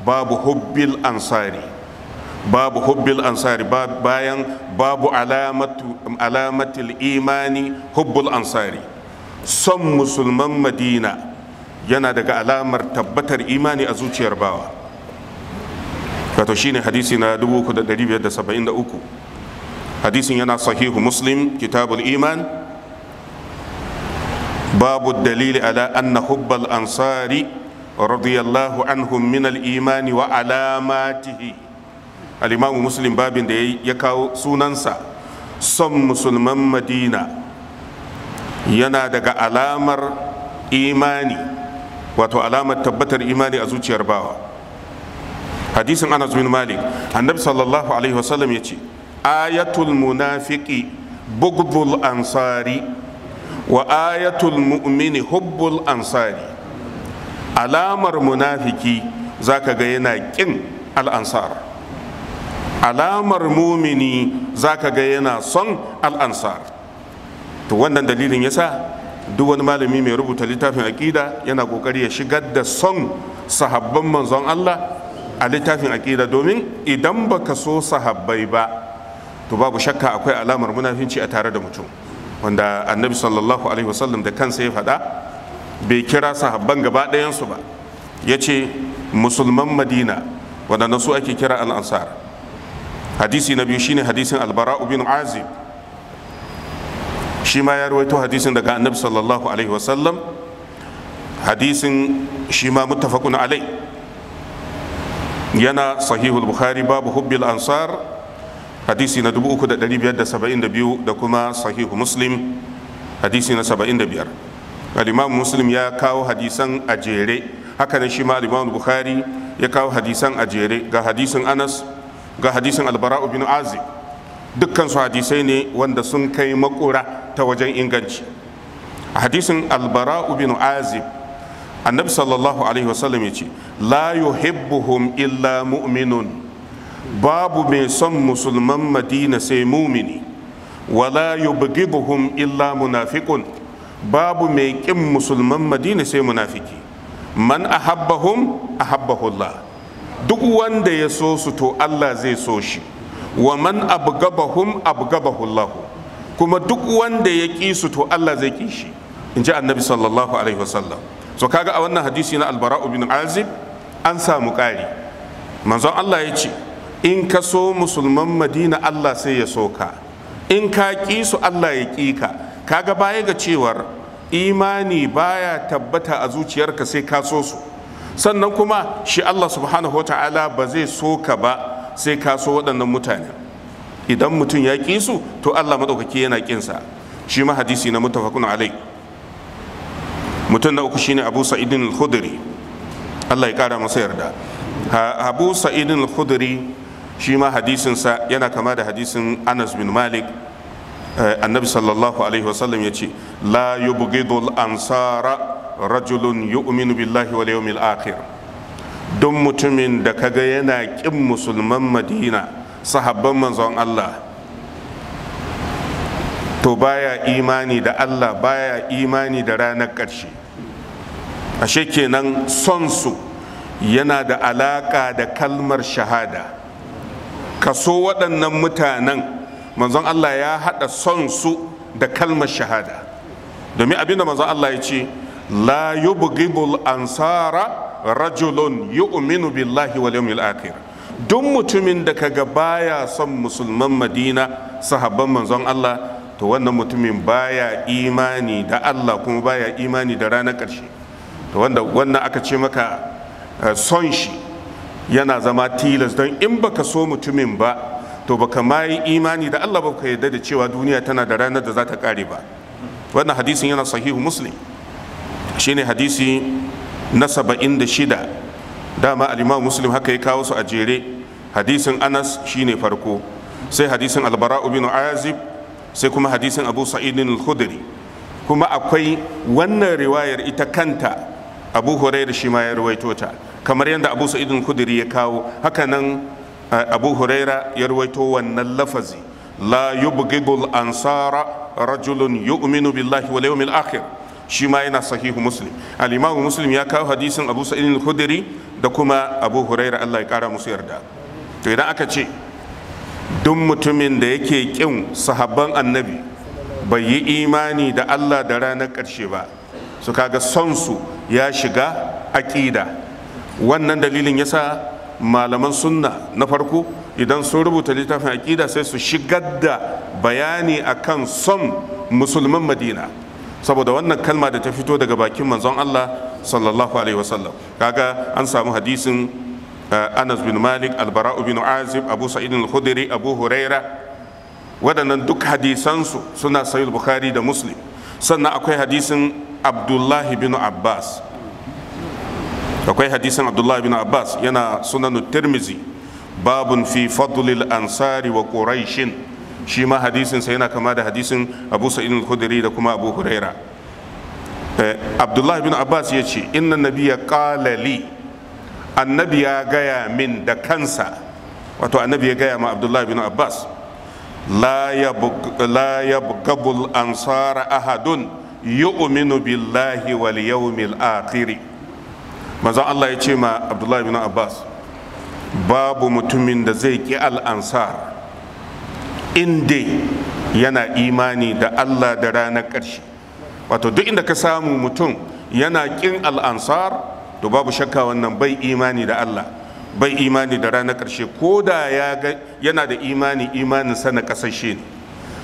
babu hubbil ansari babu hubbil ansari bayan babu alamatul imani hubbul ansari son musulman madina yana daga alamar tabbatar imani a zuciyar bawa kato shine hadisi na 3573 hadisin yana sahihu muslim kitabul iman باب الدليل على أن حب الأنصار رضي الله عنهم من الإيمان وعلاماته الإمام مسلم باب يكاو سننسا صم مسلمان مدينة yana daga alamar imani wato alamar tabbatar imani a zuciyar bawa hadisin anas bin malik annabi sallallahu alaihi wasallam ya ce ayatul munafiki bugdul ansari wa ayatul mu'mini hubbul ansari alamar munafiki zaka ga yana ƙin al'ansar alamar mumini zaka ga yana son al'ansar to wannan dalilin yasa duk wani malami mai rubuta littafin aƙida yana ƙoƙari ya shigar da son sahabban manzon Allah a littafin aƙida domin idan baka so sahabbai ba to babu shakka akwai alamar munafinci a tare da mutum wanda annabi sallallahu alaihi wasallam da kansa ya faɗa bai kira sahabban gaba ɗayansu ba ya ce musulman madina waɗanda su ake kira al'ansar hadisi na biyu shine hadisin albara Ubin azib shi ma ya rawaito hadisin daga annabi sallallahu alaihi wasallam hadisin shi ma muttafaqun alai yana sahihul bukhari babu hubbil ansar hadisi na 3572 da kuma sahihu muslim hadisi na 75 al-imam muslim ya kawo hadisan a jere haka ne shi ma al bukhari ya kawo hadisan a jere ga hadisin anas ga hadisin al-bara'u bin azib dukkan hadisai ne wanda sun kai makura ta wajen inganci a hadisin al-bara'u bin azib annabi sallallahu alaihi wasallam ya ce la yuhibbuhum illa mu'minun babu mai son musulman madina sai mumini wala yubghiduhum illa munafiqun babu mai kin musulman madina sai munafiki man ahabbahum ahabbahu duk wanda ya so su to Allah zai so shi wa man abgabahum abgabahu kuma duk wanda ya ki su to Allah zai ki shi in ji annabi sallallahu alaihi wasallam so kaga a wannan hadisi na albara'u bin azib an samu ƙari manzon Allah ya ce in ka so musulman madina allah sai ya so ka in ka ƙi su allah ya ƙi ka ga baya ga cewar imani baya tabbata a zuciyarka sai ka so su sannan kuma shi allah subhanahu wa ta'ala ba zai so ka ba sai ka so waɗannan mutane idan mutum ya ƙi su to allah maɗaukaki yana ƙinsa shi ma hadisi na mutafakun alai mutum na uku shine abu sa'idin al-khudri allah ya ƙara masa yarda abu sa'idin al-khudri shi ma hadisinsa yana kama da hadisin anas bin malik eh, annabi sallallahu alaihi wasallam ya ce la yubghidul ansara rajulun yu'minu billahi wal yawmil akhir don mutumin da kaga yana kin musulman madina sahabban manzon Allah to baya imani da Allah baya imani da ranar ƙarshe ashe kenan son su yana da alaka da kalmar shahada kaso waɗannan mutanen manzon Allah ya haɗa son su da kalmar shahada domin abinda manzon Allah ya ce la yubghibul ansara rajulun yu'minu billahi wal yawmil akhir duk mutumin da kaga baya son musulman Madina sahabban manzon Allah to wannan mutumin baya imani da Allah kuma baya imani da ranar ƙarshe to wanda wannan aka ce maka eh, son shi yana zama tilas don in baka so mutumin ba to baka ma yi imani da Allah baka yarda da cewa duniya tana da ranar da za ta kare ba wannan hadisin yana sahihu muslim shine hadisi na saba'in da shida dama al'imam muslim haka ya kawo su a jere hadisin anas shine farko sai hadisin albara'u bin azib sai kuma hadisin abu sa'idin al-khudri kuma akwai wannan riwayar ita kanta abu hurairah shi ma ya ruwaito ta kamar yadda abu sa'idun kudiri ya kawo hakanan eh, abu huraira ya ruwaito wannan lafazi la yubghidul ansara rajulun yu'minu billahi wal yawmil akhir shi ma yana sahihu muslim al-imamu muslim ya kawo hadisin abu sa'idun kudiri da kuma abu huraira Allah ya kara musu yarda to idan aka ce duk mutumin da yake kin sahabban annabi bai yi imani da Allah da ranar karshe ba su kaga son su ya shiga aƙida wannan dalilin yasa malaman sunna na farko idan sun rubuta littafin aƙida sai su shigar da bayani akan son musulman madina saboda wannan kalma da ta fito daga bakin manzon Allah sallallahu alaihi wasallam kaga an samu hadisin eh, Anas bin Malik Albara'u bin Azib Abu Sa'id al-Khudri Abu Huraira waɗannan duk hadisansu suna sahih Bukhari da Muslim sannan akwai hadisin Abdullahi bin Abbas akwai hadisin abdullahi bin abbas yana sunan tirmizi babun fi fadlil ansari wa quraishin shi ma hadisin sa yana kama da hadisin abu sa'id al-khudri da kuma abu huraira eh, abdullahi bin abbas ya ce inna nabiya qala li annabi ya gaya min da kansa wato annabi ya gaya ma abdullahi bin abbas la yabgabul ansara ahadun yu'minu billahi wal yawmil akhir manzon Allah ya ce ma Abdullahi bin Abbas babu mutumin da zai ki al'ansar in dai yana imani da Allah da ranar ƙarshe wato duk inda ka samu mutum yana ƙin al'ansar to babu shakka wannan bai imani da Allah bai imani da ranar ƙarshe ko da yana da imani imanin na ƙasashe ne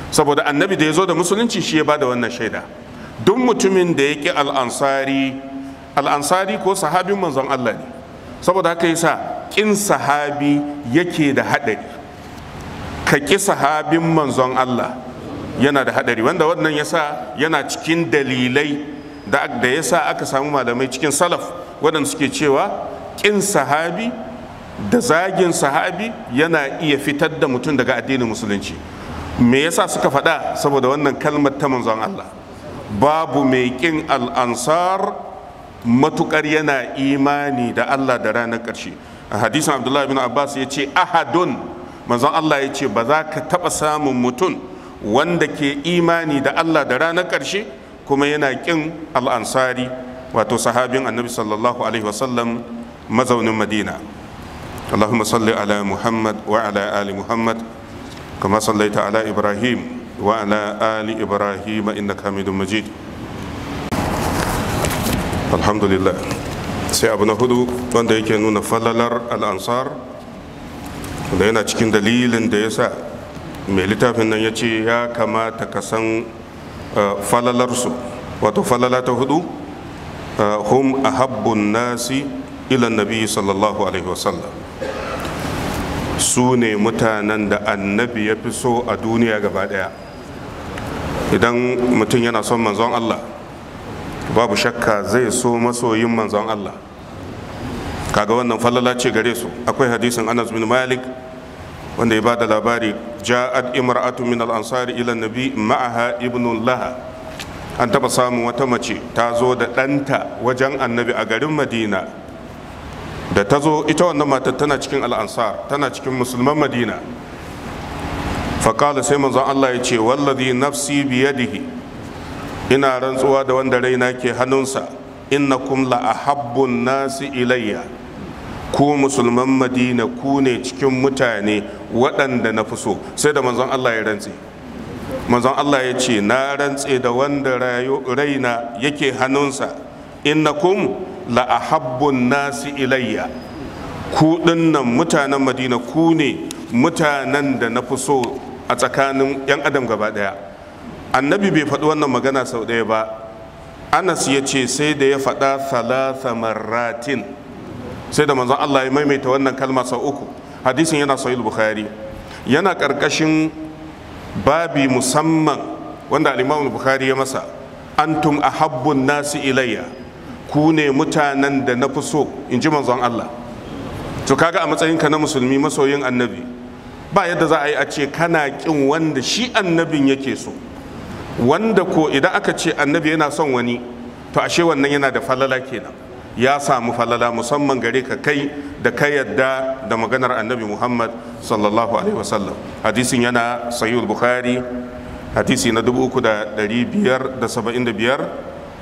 saboda annabi da ya zo da musulunci shi ya ba da wannan shaida duk mutumin da ya ƙi al'ansari al'ansari ko sahabin manzon Allah ne saboda haka yasa ƙin sahabi yake da haɗari ka ƙi sahabin manzon Allah yana da haɗari wanda wannan yasa yana cikin dalilai da ya sa aka samu malamai cikin salaf waɗanda suke cewa ƙin sahabi da zagin sahabi yana iya fitar da mutum daga addinin musulunci me yasa suka faɗa saboda wannan kalmar ta manzon Allah babu mai ƙin al'ansar matukar yana imani da Allah da ranar ƙarshe a hadisin abdullahi bin abbas ya ce ahadun manzon Allah ya ce ba za ka taɓa samun mutum wanda ke imani da Allah da ranar ƙarshe kuma yana ƙin al'ansari wato sahabin annabi sallallahu alaihi wasallam mazaunin madina اللهم صل على محمد وعلى آل محمد كما صليت على إبراهيم وعلى آل إبراهيم إنك حميد مجيد alhamdulillah sai abu na hudu wanda yake nuna falalar al'ansar da yana cikin dalilin da ya sa mai littafin nan ya ce ya kamata ka san uh, falalarsu wato falala ta hudu uh, hum ahabbun nasi ilan nabi sallallahu alaihi wasallam su ne mutanen da annabi ya fi so a duniya gaba daya idan mutum yana son manzon allah babu shakka zai so masoyin manzon Allah kaga wannan falala ce gare su akwai hadisin Anas bin Malik wanda ya bada labari ja'at imra'atu min al-ansari ila nabi ma'aha ibnu laha an taba samun wata mace ta zo da ɗanta wajen annabi a garin madina da ta zo ita wannan matar tana cikin al'ansar tana cikin musulman madina faƙala sai manzon allah ya ce wallazi nafsi biyadihi ina rantsuwa da wanda raina ke hannunsa innakum la ahabbun nasi ilayya ku musulman madina ku ne cikin mutane waɗanda na fi sai da manzon Allah ya rantse manzon Allah ya ce na rantse da wanda raina yake hannunsa innakum la ahabbun nasi ilayya ku dinnan mutanen madina ku ne mutanen da na fi so a tsakanin 'yan adam gaba daya? annabi bai faɗi wannan magana sau ɗaya ba anas ya ce sai da ya faɗa thalatha maratin. sai da manzon Allah ya maimaita wannan kalma sau uku hadisin yana sahih bukhari yana ƙarƙashin babi musamman wanda al bukhari ya masa antum ahabbun nasu ilayya ku ne mutanen da na fi so in ji manzon Allah to kaga a matsayinka na musulmi masoyin annabi ba yadda za a yi a ce kana kin wanda shi annabin yake so wanda ko idan aka ce annabi yana son wani to ashe wannan yana da falala kenan ya samu falala musamman gare ka kai da ka yadda da maganar annabi muhammad sallallahu alaihi wasallam hadisin yana sahihul bukhari hadisi na 3575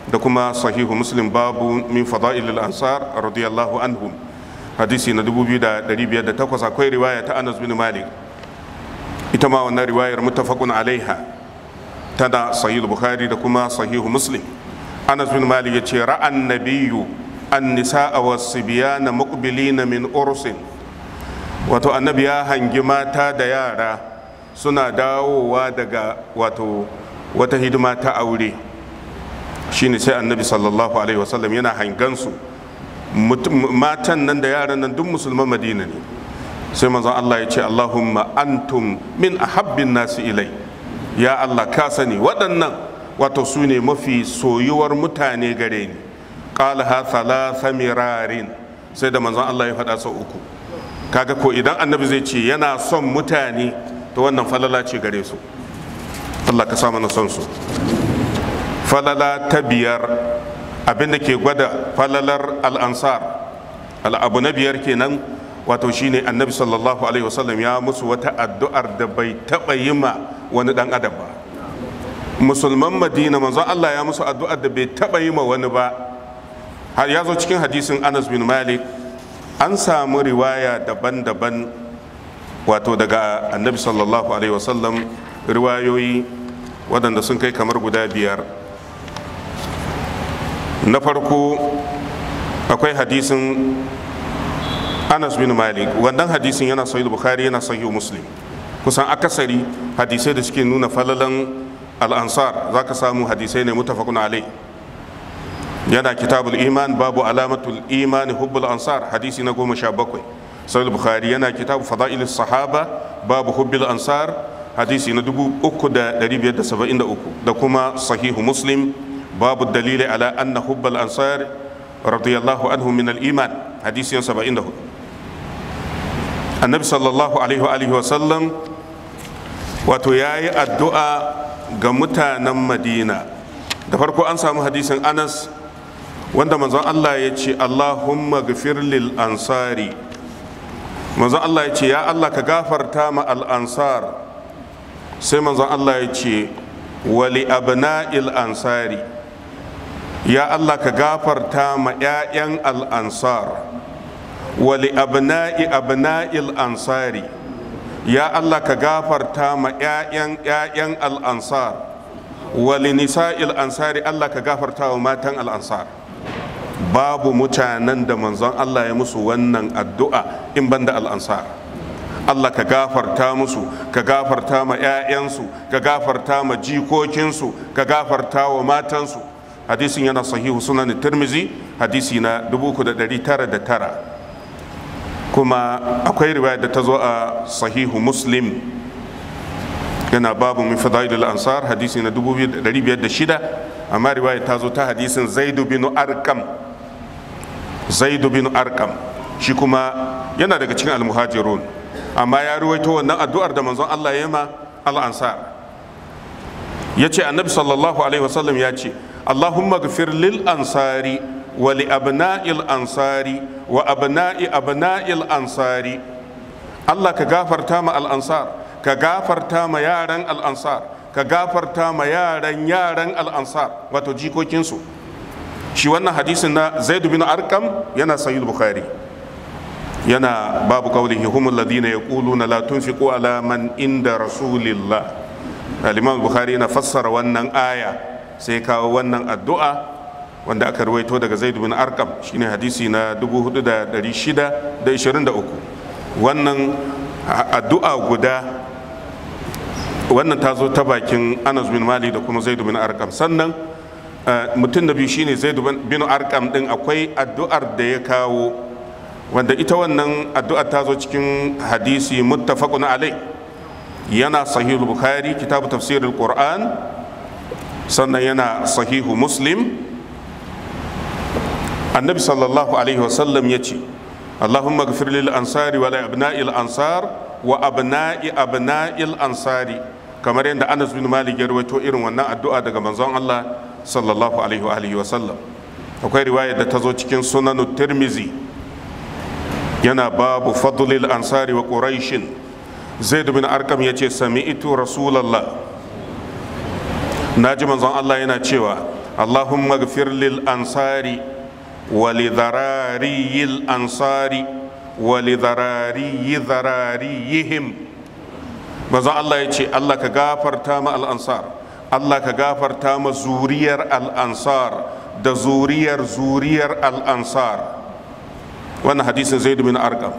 da kuma sahihu muslim babu min fada'ilil ansar radiyallahu anhum hadisi na 2508 akwai riwaya ta anas bin malik ita ma wannan riwayar muttafaqun alaiha tana sahih bukhari da kuma sahihu muslim anas bin malik ya ce ra'an nabiyyu an nisa'a was sibyana muqbilina min ursin wato annabi ya hangi mata da yara suna dawowa daga wato wata hidima ta aure shine sai annabi sallallahu alaihi wasallam yana hangansu matan nan da yaran nan duk musulman madina ne sai manzon Allah ya ce Allahumma antum min ahabbin nasi ilai ya Allah ka sani waɗannan wato su ne mafi soyuwar mutane gare ni qalaha thalatha mirarin sai da manzon Allah ya faɗa sau uku kaga ko idan annabi zai ce yana son mutane to wannan falala ce gare su Allah ka sa mana son su falala ta biyar abinda ke gwada falalar al'ansar al'abu na biyar kenan wato shine annabi sallallahu alaihi wasallam ya musu wata addu'ar da bai taɓa yi ma wani dan adam ba musulman madina manzo Allah ya musu addu'ar da bai taba yi ma wani ba har ya zo cikin hadisin Anas bin Malik an samu riwaya daban-daban wato daga annabi sallallahu alaihi wasallam riwayoyi waɗanda sun kai kamar guda biyar na farko akwai hadisin anas bin malik wannan hadisin yana sahih bukhari yana sahih muslim kusan akasari hadisai da suke nuna falalan al'ansar za ka samu hadisai ne mutafakun alai yana kitabul iman babu alamatul imani hubbul ansar hadisi na goma sha bakwai sahih bukhari yana kitabu fada'il sahaba babu hubbil ansar hadisi na dubu uku da ɗari biyar da saba'in da uku da kuma sahihu muslim babu dalili ala anna hubbal ansar radiyallahu anhu min al iman hadisi na saba'in da hudu annabi sallallahu alaihi wa alihi wa sallam wato ya yi addu'a ga mutanen madina da farko an samu hadisin anas wanda manzon allah ya ce allahumma gafir lil ansari manzon allah ya ce ya allah ka gafarta ma al'ansar sai manzon allah ya ce wali abna'il ansari ya allah ka gafarta ma 'ya'yan al'ansar wali abna'i abna'il ansari ya Allah ka gafarta ma 'ya'yan 'ya'yan al'ansar wali nisa'il Allah ka gafarta wa matan al'ansar babu mutanen da manzon Allah ya musu wannan addu'a in banda al'ansar Allah ka gafarta musu ka gafarta ma 'ya'yansu ka gafarta ma jikokinsu ka gafarta wa matansu hadisin yana sahihu sunan tirmizi hadisi na 3909 kuma akwai riwaya da ta zo a sahihu muslim yana babu min fadailul ansar hadisi na 2506 amma riwaya ta zo ta hadisin zaidu bin arkam zaidu bin arkam shi kuma yana daga cikin almuhajirun amma ya ruwaito wannan addu'ar da manzon Allah ya ma al-ansar ce annabi sallallahu alaihi wasallam ya ce allahumma ghfir lil ansari Wali li abna'il ansari wa abna'i abna'il ansari Allah ka gafarta ma al ka gafarta ma yaran al'ansar, ka gafarta ma yaran yaran al'ansar wato jikokinsu shi wannan hadisin na Zaid bin Arqam yana sahih Bukhari yana babu kaulihi humul ladina yaquluna la tunfiqu ala man inda rasulillah al-imam bukhari yana fassara wannan aya sai kawo wannan addu'a wanda aka ruwaito daga zaid bin arkam shine hadisi na 4623 wannan addu'a guda wannan ta zo ta bakin anas bin mali da kuma zaid bin arkam sannan eh, mutum da biyu shine zaid bin arkam din akwai addu'ar da ya kawo wanda ita wannan addu'ar ta zo cikin hadisi muttafaqun alai yana sahihul bukhari kitabu tafsirin qur'an sannan yana sahihu muslim annabi sallallahu alaihi wasallam ya ce allahumma gafir lil ansari wa abna'il ansar wa abna'i ansari kamar yadda anas bin malik ya rawaito irin wannan addu'a daga manzon allah sallallahu alaihi wa wasallam akwai riwaya da ta zo cikin sunan tirmizi yana babu fadlil ansari wa quraishin zaid bin arkam ya ce sami'tu na naji manzon allah yana cewa Allahu gafir lil ansari ولذراري الأنصار ولذراري ذراريهم بزا الله يتي الله كغافر تام الأنصار الله كغافر تام زورير الأنصار da zuriyar zuriyar al'ansar wannan hadisin zaidu bin arqam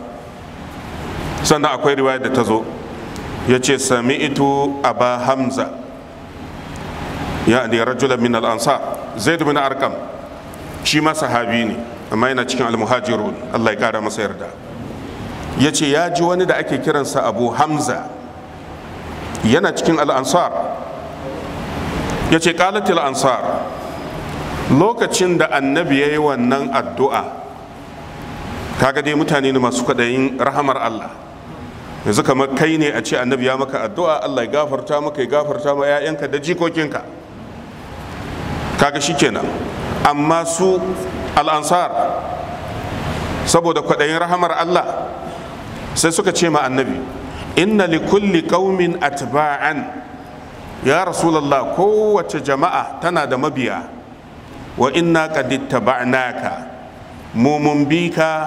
sannan akwai riwaya da ta zo ya ce sami ito aba hamza ya ne shi ma sahabi ne amma yana cikin almuhajirun Allah ya kara masa yarda ya ce ya ji wani da ake kiransa abu hamza yana cikin al'ansar ya ce ƙalatil al'ansar. lokacin da annabi ya yi wannan addu'a kaga dai mutane ne masu kwaɗayin rahamar Allah yanzu kamar kai ne a ce annabi ya maka addu'a Allah ya gafarta maka ya gafarta ma 'ya'yanka da jikokinka kaga shi kenan amma su al'ansar saboda kwaɗayin rahamar Allah sai suka ce ma annabi inna li kulli qaumin atba'an ya rasulallah kowace jama'a tana da mabiya wa inna qad ittaba'naka mu mun bi ka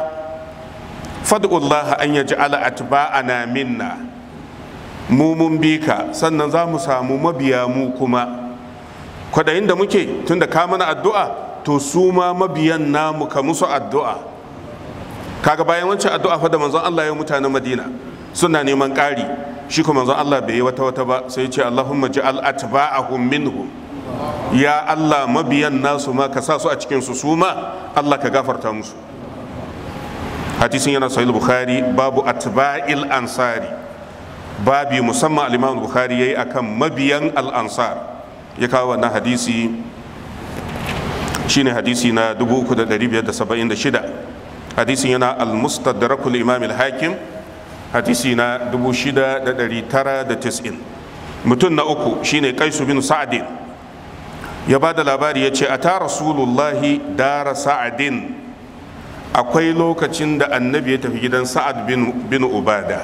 fad'ullah an yaj'ala atba'ana minna mu mun bi ka sannan za mu samu mabiya mu kuma kwadayin da muke tun da ka mana addu'a to su ma mabiyan namu ka musu addu'a kaga bayan wancan addu'a fa da manzon Allah ya mutanen Madina suna neman ƙari shi kuma manzon Allah bai yi wata wata ba sai ce Allahumma ja'al atba'ahum minhum ya Allah mabiyan nasu ma ka sa su a cikin su su ma Allah ka gafarta musu hadisin yana sahih bukhari babu atba'il ansari babi musamman al-imam bukhari yayi akan mabiyan al-ansar ya kawo wannan hadisi shine hadisi na 3576 hadisin yana al-mustadrakul imam al-hakim hadisi na 6990 mutum na uku shine kaisu bin sa'adin ya ba da labari ya ce a ta rasulullahi dara sa'adin akwai lokacin da annabi ya tafi gidan sa'ad bin ubada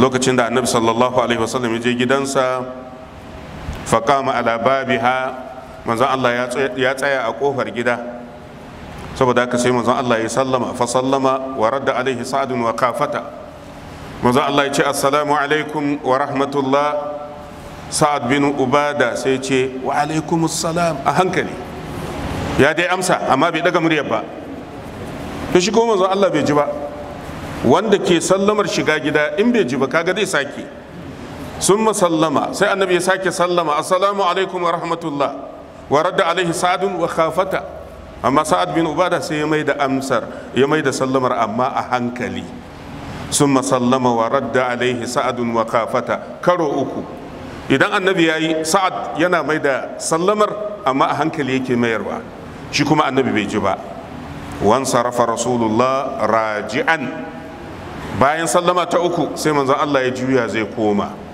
lokacin da annabi sallallahu alaihi wasallam ya je gidansa faƙama ala babiha manzon Allah ya tsaya a ƙofar gida saboda haka sai manzon Allah ya sallama fa sallama wa radda alaihi sa'adun wa kafata manzon Allah ya ce assalamu alaikum wa rahmatullah sa'ad bin ubada sai ce wa alaikum assalam a hankali ya dai amsa amma bai daga muryar ba to shi ko manzon Allah bai ji ba wanda ke sallamar shiga gida in bai ji ba kaga zai sake sun masallama sai annabi ya sake sallama assalamu alaikum wa rahmatullah wa radda alaihi sa'adun wa khafata amma sa'ad bin ubada sai ya mai da amsar ya mai da sallamar amma a hankali sun masallama wa radda alaihi sa'adun wa khafata karo uku idan annabi ya yi sa'ad yana mai da sallamar amma a hankali yake mayarwa shi kuma annabi bai ji ba wan sarafa rasulullah raji'an bayan sallama ta uku sai manzon Allah ya juya zai koma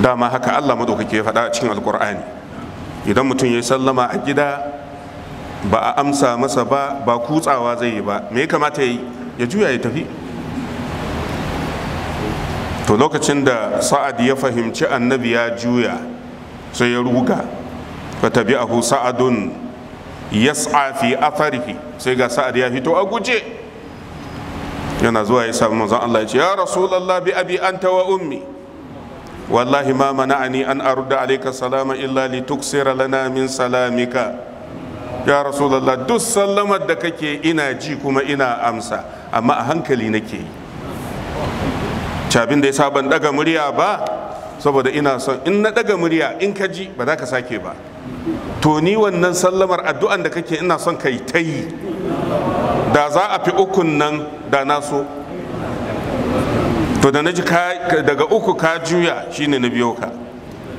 dama haka Allah madaukake ya faɗa a cikin alkur'ani idan mutum ya sallama a gida ba a amsa masa ba ba kutsawa zai yi ba me ya kamata ya yi ya juya ya tafi to lokacin da sa'ad ya fahimci annabi ya juya sai ya ruga fa tabi'ahu sa'adun yas'a fi atharihi sai ga sa'ad ya fito a guje yana zuwa ya samu manzon Allah ya ce ya rasulullah bi abi anta wa ummi wallahi ma an arudda alayka salama illa li tuksira lana min salamika ya rasulullah duk sallamar da kake ina ji kuma ina amsa amma a hankali nake yi cabin da ya saban daga murya ba saboda ina son in na daga murya in ka ji ba za ka sake ba to ni wannan sallamar addu'an da kake ina son kai da za a fi ukun nan da na so to da na ji daga uku ka juya shine na biyo ka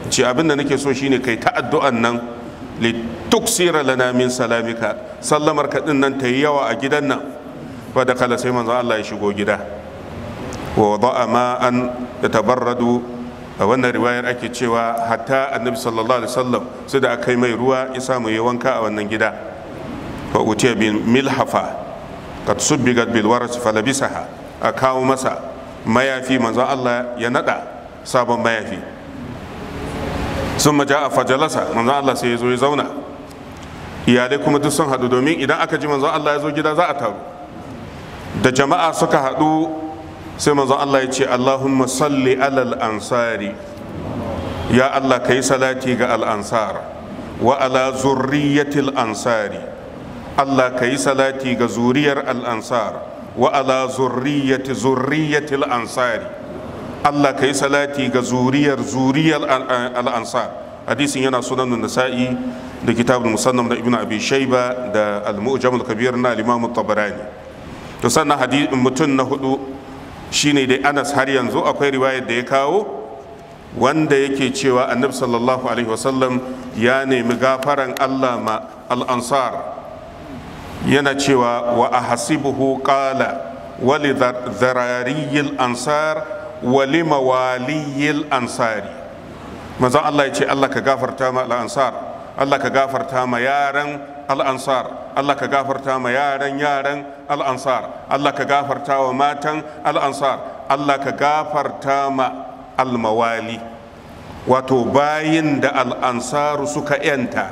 ce abinda nake so shine kai ta addu'an nan lituksira lana min salamika sallamar ka din nan ta yi yawa a gidan nan fa da kala sai manzan Allah ya shigo gida wa wada'a ma an tabarradu a wannan riwayar ake cewa hatta annabi sallallahu alaihi wasallam sai da aka yi mai ruwa ya samu yi wanka a wannan gida fa utiya bin milhafa kad subbigat bil waras falabisaha a kawo masa mayafi manzo Allah ya nada sabon mayafi sun maja a fajalasa manzo Allah sai ya zo ya zauna iyalai kuma duk sun haɗu domin idan aka ji manzo Allah ya zo gida za a taru da jama'a suka haɗu sai manzo Allah ya ce Allahumma salli alal ansari ya Allah ka salati ga al'ansar. ansar wa ala zurriyatil ansari Allah ka salati ga zuriyar al'ansar. wa ala zurriyati zurriyatil ansari Allah ka yi salati ga zuriyar zuriyar al'ansar hadisin yana sunan nasa'i da kitabul musannam da ibnu abi shayba da al-mu'jamul kabir na al-imam tabarani to sannan hadisin mutun na hudu shine dai Anas har yanzu akwai riwayar da ya kawo wanda yake cewa annabi sallallahu alaihi wasallam ya nemi gafaran Allah ma al-ansar yana cewa wa ahasibuhu kala, wali zarariyil ansar wali mawaliyil ansari manzon Allah ya ce Allah ka gafarta ma al Allah ka gafarta ma yaran al'ansar, Allah ka gafarta ma yaran yaran al'ansar, Allah ka gafarta wa matan al'ansar, Allah ka gafarta ma almawali, wato bayin da al-ansaru suka yanta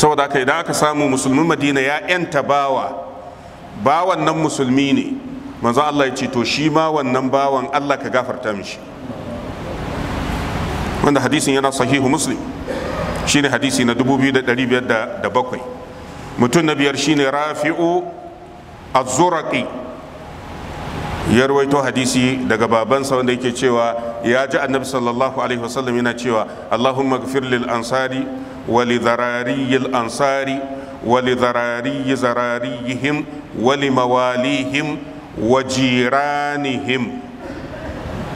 saboda haka idan aka samu musulmin madina ya yanta bawa bawan nan musulmi ne manzo Allah ya ce to shi ma wannan bawan Allah ka gafarta mishi wanda hadisin yana sahihu muslim shine hadisi na 2507 mutum na biyar shine rafi'u az-zuraqi ya rawaito hadisi daga babansa wanda yake cewa ya ji annabi sallallahu alaihi wasallam yana cewa allahumma gfir lil ansari ولذراري الأنصار ولذراري زراريهم ولمواليهم وجيرانهم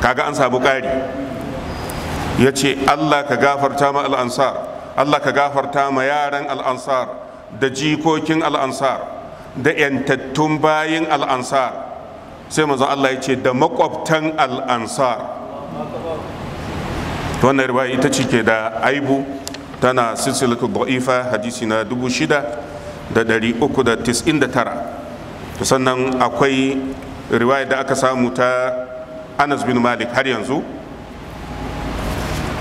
kaga an samu ƙari ya allah ka gafarta ma al'ansar allah ka gafarta ma yaran al'ansar da jikokin al'ansar da yantattun bayin al'ansar sai manzon allah yace, da makwabtan al'ansar wannan riwaya ita ce ke da aibu tana silsilatu da'ifa hadisi na 6399 sannan akwai riwaya da aka samu ta anas bin malik har yanzu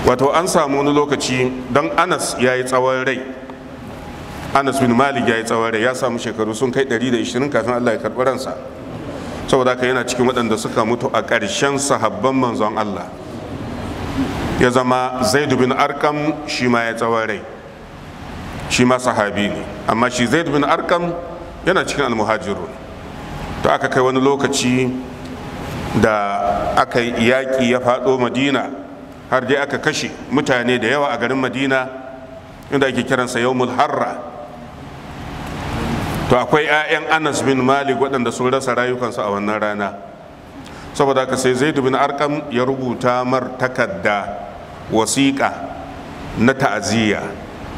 wato an samu wani lokaci don anas ya yi tsawon rai anas bin malik ya yi tsawon rai ya samu shekaru sun kai 120 kafin allah ya karɓi ransa saboda haka yana cikin waɗanda suka mutu a ƙarshen sahabban manzon allah ya zama zaidu bin arkam shi ma ya tsawarai rai shi ma sahabi ne amma shi zaidu bin arkam yana cikin almuhajiru. to aka kai wani lokaci da aka yaƙi ya faɗo madina har dai aka kashe mutane da yawa a garin madina inda ake kiransa yau harra to akwai 'ya'yan anas bin malik waɗanda sun rasa rayukansu a wannan rana saboda haka sai zaidu bin arkam ya rubuta mar takarda. wasiƙa na ta'aziyya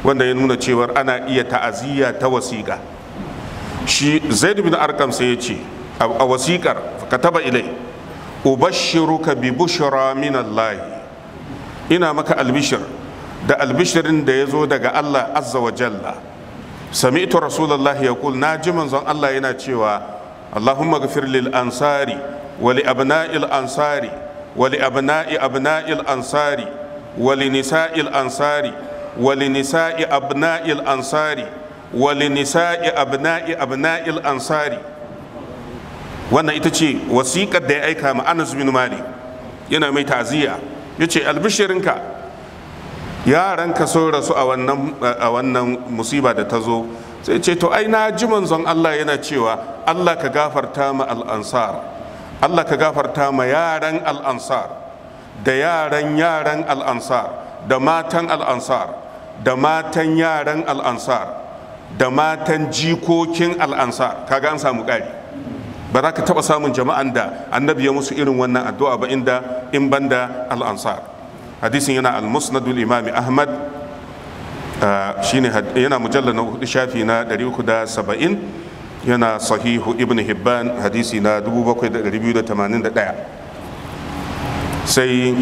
wanda ya nuna cewar ana iya ta'aziyya ta wasiƙa shi zaid bin arkam sai ya ce a wasiƙar ka taba ilai ubashiruka bi bushra min Allah ina maka albishir da albishirin da ya zo daga Allah azza wa jalla sami'tu rasulullahi yaqul naji manzon Allah yana cewa Allahumma ghafir lil ansari wa li abna'il ansari wa li abna'i abna'il ansari ولنساء الأنصار ولنساء أبناء الأنصار ولنساء أبناء أبناء الأنصار wannan ita ce wasiƙar da ya aika ma Anas bin mali yana mai taziya ya ce albishirinka yaranka sun rasu a wannan musiba da ta zo sai ce to ai na ji manzon Allah yana cewa Allah ka gafarta ma al'ansar Allah ka gafarta ma yaran al'ansar da yaran yaran al'ansar da matan al'ansar da matan yaran al'ansar da matan jikokin al'ansar kaga an samu ƙari ba za ka taɓa samun jama'an da annabi ya musu irin wannan addu'a ba inda in banda al'ansar hadisin yana al-musnadul imami ahmad uh, shine yana mujallar na hudu shafi na 370 yana sahihu ibn hibban hadisi na 7281 sai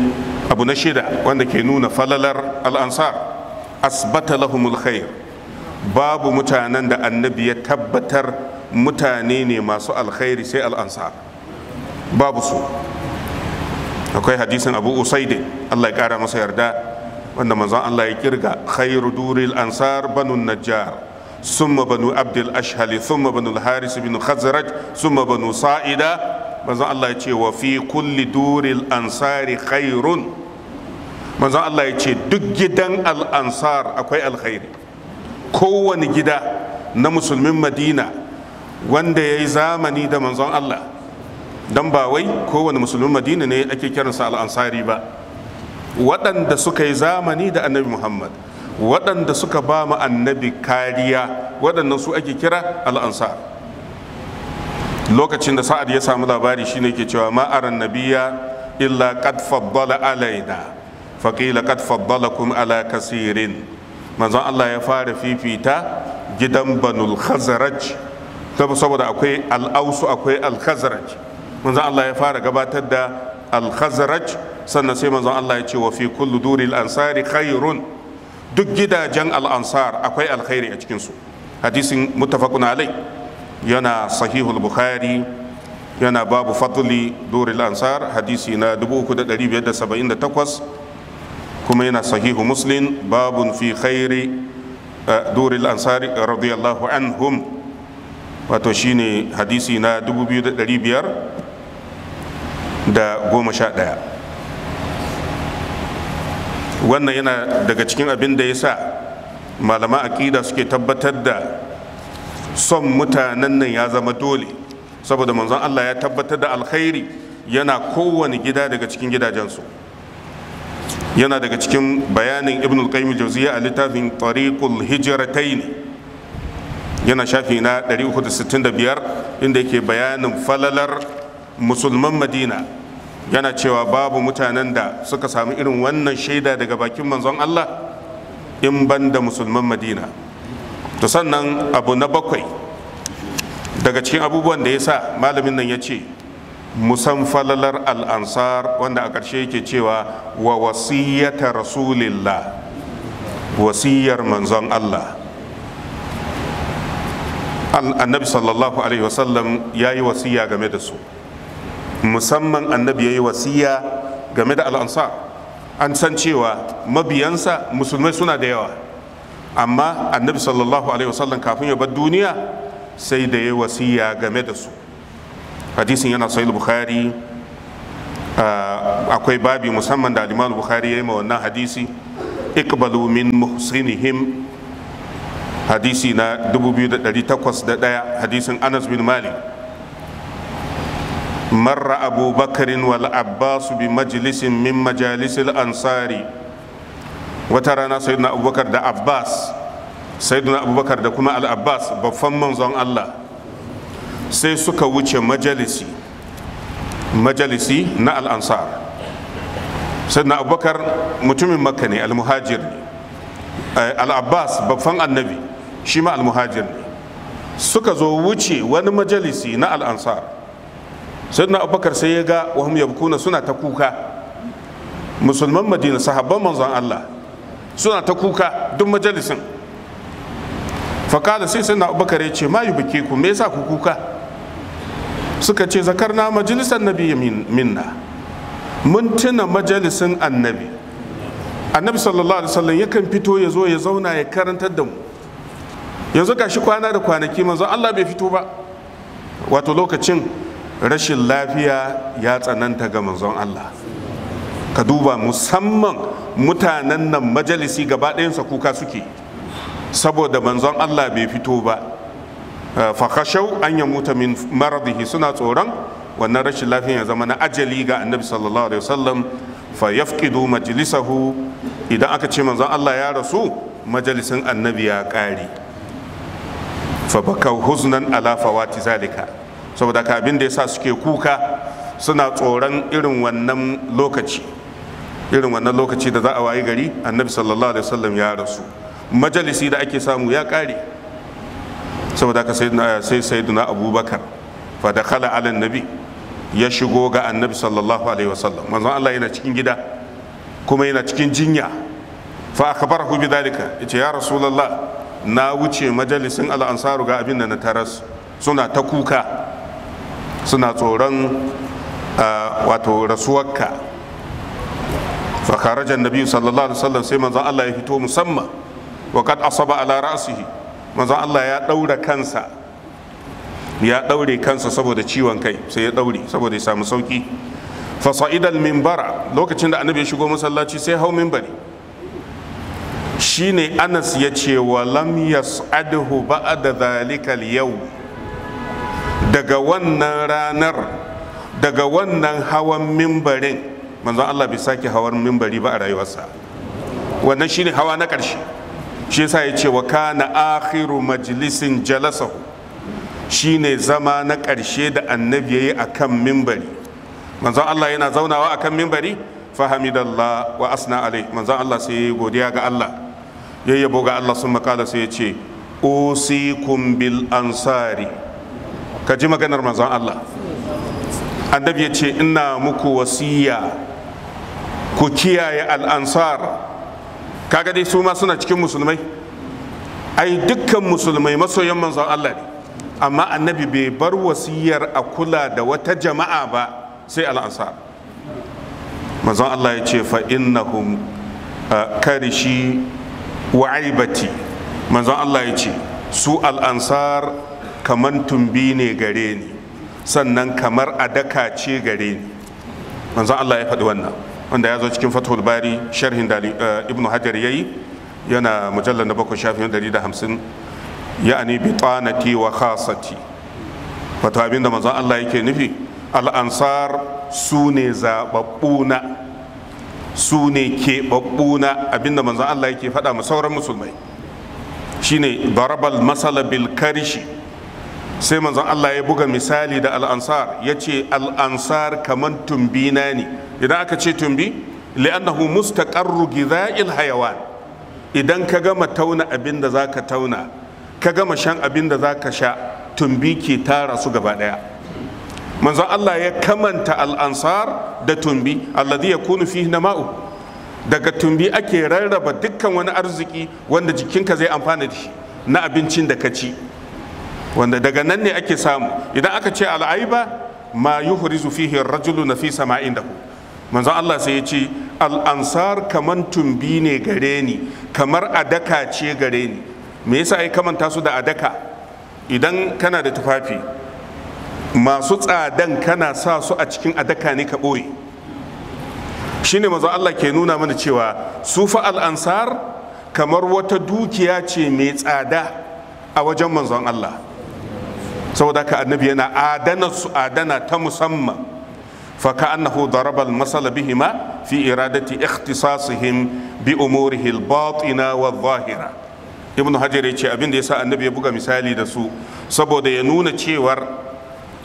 abu na shida wanda ke nuna falalar al'ansar asbata lahumul khair babu mutanen da annabi ya tabbatar mutane ne masu alkhairi sai al'ansar babu su akwai hadisin abu usaidi allah ya kara masa yarda wanda manzon allah ya kirga khairu duril ansar banu najjar summa banu abdul ashhali summa banu haris bin khazraj summa banu sa'ida manzon Allah ya ce wa fi kulli duril ansari khairun manzon Allah ya ce duk gidan al-ansar akwai alkhairi kowane gida na musulmin madina wanda ya yi zamani da manzon Allah don ba wai kowane musulmin madina ne ake kiransa al-ansari ba waɗanda suka yi zamani da annabi muhammad waɗanda suka ba mu annabi kariya waɗannan su ake kira al-ansar lokacin da sa'ad ya samu labari shine ke cewa ma'aran nabiya illa qad faddala alaina faqila qad faddalakum ala kasirin manzon Allah ya fara fifita gidan banul khazraj saboda akwai al-ausu akwai al-khazraj manzon Allah ya fara gabatar da al-khazraj sannan sai manzon Allah ya ce wa fi kullu duril ansari khairun duk gidajen al-ansar akwai alkhairi a cikin su hadisin muttafaqun alai yana sahihul bukhari yana babu fadli duril ansar hadisi na 3578 kuma yana sahihu muslim babun fi khairi eh, duril ansari radiyallahu anhum wato shine hadisi na da goma sha ɗaya wannan yana daga cikin abin da ya sa malaman aƙida suke tabbatar da son mutanen nan ya zama dole saboda manzon Allah ya tabbatar da alkhairi yana kowane gida daga cikin gidajensu yana daga cikin bayanin ibn al-qayyim a littafin tariqul hijratain yana shafi na 365 inda yake bayanin falalar musulman madina yana cewa babu mutanen da suka samu irin wannan shaida daga bakin manzon Allah in banda musulman madina to sannan abu na bakwai daga cikin abubuwan da ya sa malamin nan ya ce musan falalar al'ansar wanda a ƙarshe yake cewa wa wasiyyata rasulillah wasiyyar manzon Allah annabi sallallahu alaihi wasallam ya yi wasiya game da su musamman annabi ya yi wasiya game da al'ansar an san cewa mabiyansa musulmai suna da yawa amma annabi sallallahu alaihi wasallam kafin ya bar duniya sai da ya wasiya game da su hadisin yana sahih bukhari ah, akwai babi musamman da al-imam bukhari ya yi ma wannan hadisi ikbalu min muhsinihim hadisi na 2801 hadisin anas bin mali مر أبو بكر والعباس بمجلس من مجالس الأنصار wata rana sayyidina abubakar da abbas sayyidina abubakar da kuma al-abbas babban manzon allah sai suka wuce majalisi majalisi na al'ansar sayyidina abubakar mutumin makka ne al-muhajir ne eh, al-abbas babban annabi shi ma al-muhajir ne suka zo wuce wani majalisi na al'ansar sayyidina abubakar sai ya ga wahum yabkuna suna ta kuka musulman madina sahabban manzon allah suna ta kuka duk majalisin Fakada sai sai na abubakar ya ce mayu buke ku me yasa ku kuka suka ce zakar na majalisar nabi minna mun tuna majalisin annabi annabi sallallahu alaihi wasallam yakan fito ya zo ya zauna ya karantar da mu yanzu gashi kwana da kwanaki manzo Allah bai fito ba wato lokacin rashin lafiya ya tsananta ga manzon Allah ka duba musamman mutanen nan majalisi gaba ɗayansa kuka suke saboda manzon Allah bai fito ba eh, fakashau an ya mutu min maradihi suna tsoron wannan rashin lafiya ya zama na ajali ga annabi sallallahu alaihi wasallam fa yafqidu majlisahu idan aka ce manzon Allah ya rasu majalisin annabi ya kare. fa bakau huznan ala fawati zalika saboda ka abin da yasa suke kuka suna tsoron irin wannan lokaci irin wannan lokaci da za a wayi gari annabi sallallahu alaihi wasallam ya rasu majalisi da ake samu ya kare saboda ka sai eh, sayyiduna abubakar fa dakhala ala nabi ya shigo ga annabi sallallahu alaihi wasallam manzon Allah yana cikin gida kuma yana cikin jinya fa akhbarahu bidalika yace ya rasulullah na wuce majalisin al-ansaru ga abin da na taras suna ta kuka suna tsoron eh, wato rasuwarka fa kharaja annabi sallallahu alaihi wasallam sai manzon Allah ya fito musamman wa kad asaba ala ra'sihi manzon Allah ya daura kansa ya saboda ciwon kai sai ya daure saboda ya samu sauki fa sa'idal lokacin da annabi ya shigo masallaci sai hau minbari shine Anas ya ce wa lam yas'adhu ba'da dhalika al-yawm daga wannan ranar daga wannan hawan mimbarin manzon Allah bai sake hawar mimbari ba a rayuwarsa wannan shine hawa na ƙarshe shi yasa ya ce wa kana akhiru majlisin jalasahu shine zama na ƙarshe da annabi yayi akan mimbari manzon Allah yana zaunawa akan mimbari fahamidallah wa asna alai manzon Allah sai ya godiya ga Allah ya yabo ga Allah sun makala sai ya ce usikum bil ansari ka ji maganar manzon Allah annabi ya ce ina muku wasiya ku kiyaye al'ansar kaga dai su ma suna cikin musulmai ai dukkan musulmai masoyan manzon Allah ne amma annabi bai bar wasiyar a kula da wata jama'a ba sai al'ansar manzon Allah ya ce fa innahum karishi wa aibati manzon Allah ya ce su al'ansar kamar tumbi ne gare ni sannan kamar adaka ce gare ni manzon Allah ya faɗi wannan wanda ya zo cikin fathul bari sharhin da eh, ibnu hajar yayi yana mujallar na bakwai shafin 150 ya'ani bi tsanati wa khasati wato abinda manzon Allah yake nufi al'ansar su ne zababbuna su ne keɓaɓɓuna abinda manzon Allah yake faɗa mu sauran musulmai shine barabal masala bil karishi sai manzon Allah ya buga misali da al'ansar ya ce al'ansar kamar tumbina ne idan aka ce tumbi li'annahu mustaqarru gidha'il hayawan idan ka gama tauna abin da zaka tauna ka gama shan abin da zaka sha tumbi ke tara su gaba daya manzon Allah ya kamanta al-ansar da tumbi alladhi yakunu fihi nama'u daga tumbi ake rarraba dukkan wani arziki wanda jikinka zai amfana da shi na abincin da ka ci wanda daga nan ne ake samu idan aka ce al'aiba ma yuhrizu fihi ar-rajulu nafisa ma'indahu manzo Allah sai ya ce al'ansar kaman tumbi ne gare ni kamar adaka ce gare ni me yasa ai kamanta su da adaka idan kana da tufafi masu tsadan kana sa su a cikin adaka ne ka ɓoye shine manzo Allah ke nuna mana cewa su fa al'ansar kamar wata dukiya ce mai tsada a wajen manzon Allah saboda ka annabi yana adana su adana ta musamman فكأنه ضرب المثل بهما في إرادة bi بأموره الباطنة والظاهرة ibn hajar ya ce abin da ya sa annabi ya buga misali da su saboda ya nuna cewar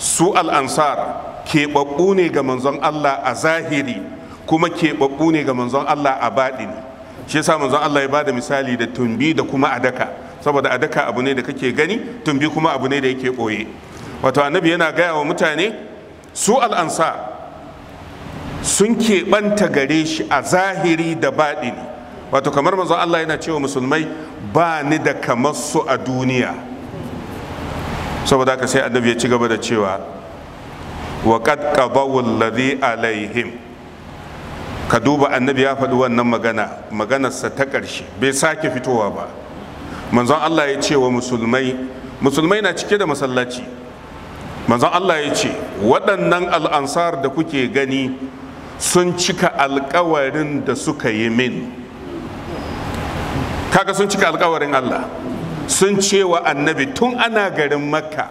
su al'ansar keɓaɓɓu ne ga manzon Allah a zahiri kuma keɓaɓɓu ne ga manzon Allah a baɗini shi yasa manzon Allah ya bada misali da tumbi da kuma adaka saboda daka abu ne da kake gani tumbi kuma abu ne da yake ɓoye wato annabi yana gaya wa mutane su al'ansa. sun keɓanta gare shi a zahiri da baɗini wato kamar manzo Allah yana cewa musulmai ba ni da kamar su a duniya saboda haka sai annabi ya ci gaba da cewa wa qad qabawu alaihim ka duba annabi ya faɗi wannan magana maganarsa ta ƙarshe bai sake fitowa ba manzon Allah ya ce wa musulmai musulmai na cike da masallaci manzon Allah ya ce waɗannan al'ansar da kuke gani sun cika alkawarin da suka yi min kaga sun cika alkawarin Allah sun ce wa annabi tun ana garin makka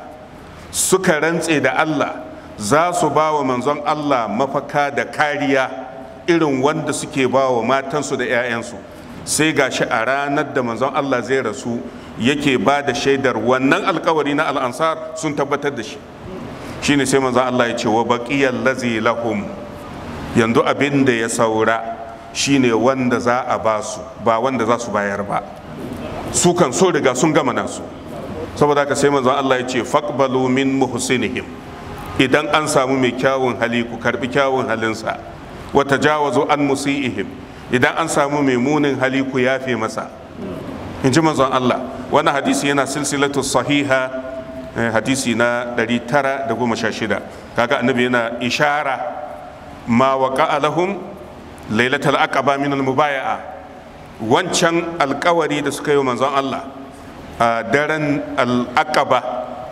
suka rantse da Allah za su ba wa manzon Allah mafaka da kariya irin wanda suke ba wa matansu da 'ya'yansu sai gashi a ranar da manzon Allah zai rasu yake ba da shaidar wannan alkawari na al'ansar sun tabbatar da shi shine sai manzon Allah ya ce wa baqiyal lazi lahum yanzu abin da ya saura shine wanda za a ba su ba wanda za su bayar ba su kan so riga sun gama nasu saboda haka sai manzon Allah ya ce faqbalu min muhsinihim idan an samu mai kyawun hali ku karbi kyawun halinsa wa tajawazu an musiihim idan an samu mai munin hali ku yafe masa in ji manzon Allah wannan hadisi yana silsilatu sahiha eh, hadisi na 916 kaga annabi yana ishara ma waqa'a lahum lailatul aqaba min al-mubaya'a wancan alkawari da suka yi manzon Allah a daren al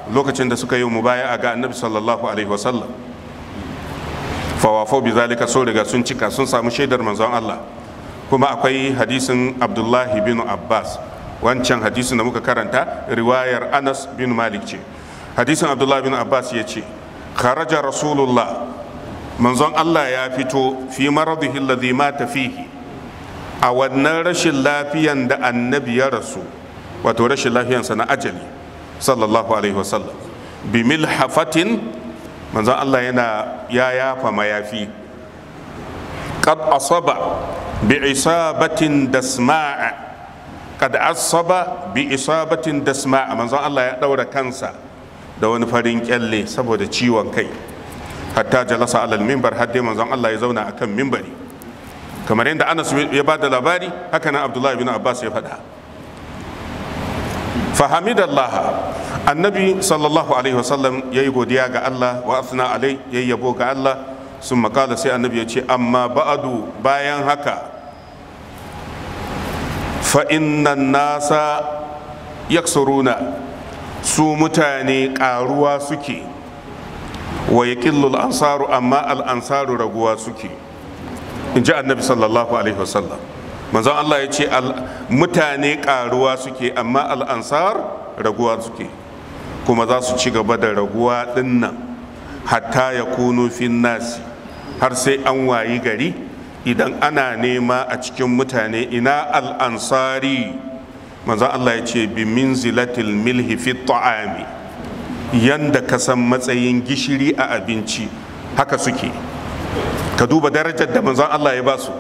lokacin da suka yi mubaya'a ga annabi sallallahu alaihi wasallam fawafo bi zalika sun riga sun cika sun samu shaidar manzon Allah kuma akwai hadisin Abdullahi bin Abbas wancan hadisin da muka karanta riwayar Anas bin Malik ce hadisin Abdullahi bin Abbas ya ce kharaja rasulullah manzon Allah ya fito fi maradihi alladhi mata fihi a wannan rashin lafiyan da annabi ya rasu wato rashin lafiyansa na ajali sallallahu alaihi wasallam bi milhafatin manzon Allah yana ya yafa mayafi qad asaba bi isabatin dasma'a qad asaba bi isabatin dasma'a manzon Allah ya daura kansa da wani farin kyalle saboda ciwon kai hatta jalasa alal mimbar har dai manzon Allah ya zauna akan mimbari kamar yadda Anas ya ba da labari haka nan Abdullah ibn Abbas ya faɗa fahamidallah annabi sallallahu alaihi wasallam yayi godiya ga Allah wa asna alai yayi yabo ga Allah sun makala sai annabi ya ce amma ba'adu bayan haka fa'innan nasa yaksuruna su mutane ƙaruwa suke wa ya al-ansaru amma al'ansaru raguwa suke in ji annabi sallallahu alaihi wasallam manzon Allah ya ce mutane karuwa suke amma al'ansar raguwa suke kuma za su ci gaba da raguwa dinnan hatta ya kunu fin nasi har sai an wayi gari idan ana nema a cikin mutane ina al'ansari manzan Allah ya ce bi minzilatil milhi fi ta'ami yanda ka san matsayin gishiri a abinci haka suke ka duba darajar da manzon Allah ya basu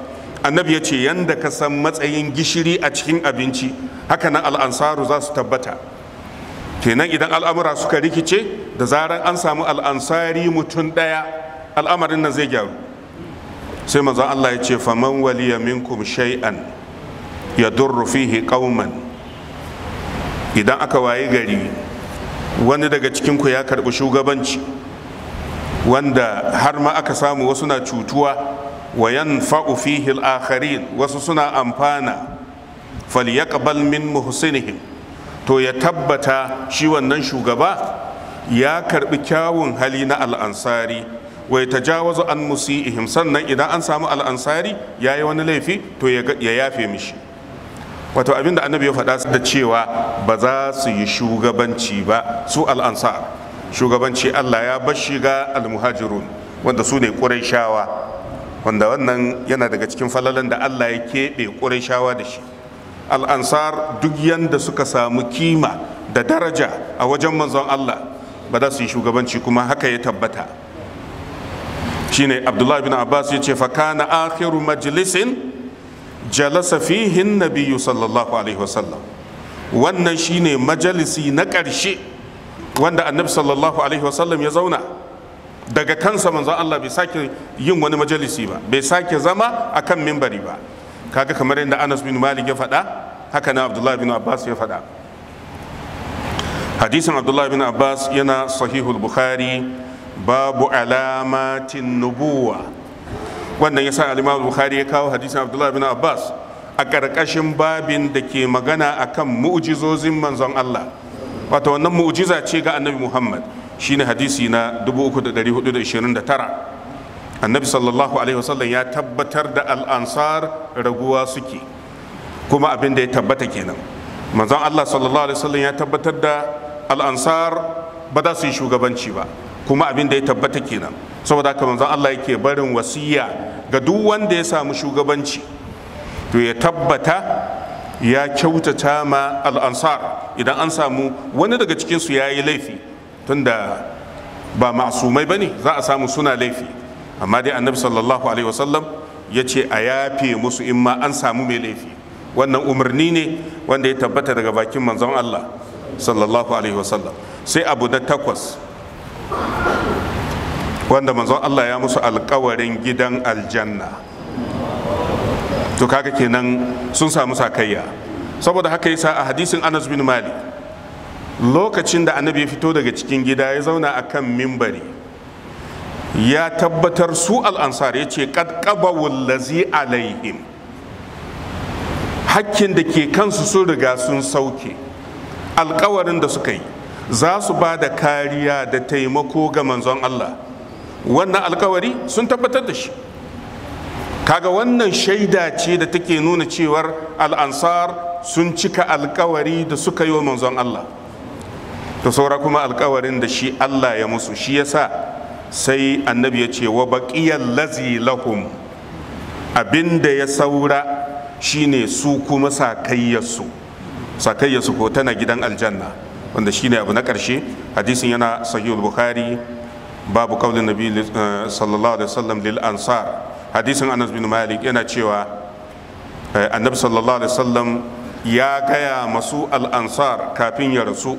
annabi ya ce yanda ka san matsayin gishiri a cikin abinci haka nan al'ansaru za su tabbata kenan idan al'amura suka rikice da zarar an samu al'ansari mutum ɗaya al'amarin nan zai gyaru sai manzon Allah ya ce faman waliya minkum shay'an ya fihi qauman idan aka wayi gari wani daga cikinku ya karɓi shugabanci wanda har ma aka samu wasu na cutuwa wa yanfa'u fihi wasu suna amfana falyaqbal min muhsinihim to ya tabbata shi wannan shugaba ya karɓi kyawun hali na al'ansari wai ta tajawazu an musi'ihim sannan idan an samu al'ansari ya yi wani laifi to ya yafe mishi wato abinda annabi ya faɗa da cewa ba za su yi shugabanci ba su al'ansar shugabanci Allah ya bar shiga almuhajirun wanda su ne ƙurayshawa wanda wannan yana daga cikin falalan da Allah ya keɓe ƙurayshawa da shi al'ansar duk yanda suka samu kima da daraja a wajen manzon Allah ba za su yi shugabanci kuma haka ya tabbata shine abdullahi bin abbas ya ce fakana akhiru majlisin jalasa fihin nabiyyu sallallahu alaihi wasallam wannan shine majalisi na ƙarshe wanda annabi sallallahu alaihi wasallam ya zauna daga kansa manzo Allah bai sake yin wani majalisi ba bai sake zama akan mimbari ba kaga kamar yadda Anas bin Malik ya faɗa haka na Abdullah bin Abbas ya faɗa hadisin Abdullah bin Abbas yana sahihul Bukhari babu alamatin nubuwa wannan yasa al-imam bukhari ya kawo hadisin abdullahi bin abbas a ƙarƙashin babin da ke magana a akan mu'jizozin manzon Allah Wata wannan mu'ujiza ce ga annabi Muhammad shine hadisi na 3429 annabi sallallahu alaihi wasallam ya tabbatar da al'ansar raguwa suke kuma abin da ya tabbata kenan manzon Allah sallallahu alaihi wasallam ya tabbatar da al'ansar ba za su yi shugabanci ba kuma abin da ya tabbata kenan saboda haka manzon Allah yake barin wasiya ga duk wanda ya samu shugabanci to ya tabbata ya kyautata ma al'ansar idan an samu wani daga cikinsu ya yi laifi tunda ba masumai ba ne za a samu suna laifi amma dai annabi sallallahu alaihi wasallam ya ce a yafe musu in ma an samu mai laifi wannan umarni ne wanda ya tabbata daga bakin manzon Allah sallallahu alaihi wasallam sai abu da takwas wanda manzon Allah ya musu alkawarin gidan aljanna to kaga kenan sun samu sakayya saboda haka yasa a hadisin Anas bin Malik lokacin da annabi ya fito daga cikin gida ya zauna a kan mimbari ya tabbatar su al'ansar ya ce qad lazi alaihim hakkin da ke kansu sun riga sun sauke alƙawarin da suka yi za su ba da kariya da taimako ga manzon Allah wannan alkawari sun tabbatar da shi kaga wannan shaida ce da take nuna cewar al'ansar sun cika alkawari da suka yi wa manzon Allah ta saura kuma alkawarin da shi Allah ya musu shi yasa sai annabi ya ce wa baqiyal lazi lahum abinda ya saura shine su kuma sakayyarsu sakayyarsu ko tana gidan aljanna wanda shine abu na ƙarshe hadisin yana sahihul bukhari babu kaulin nabi eh, sallallahu alaihi wasallam lil ansar hadisin anas bin malik yana cewa eh, annabi sallallahu alaihi wasallam ya gaya masu al'ansar kafin ya rasu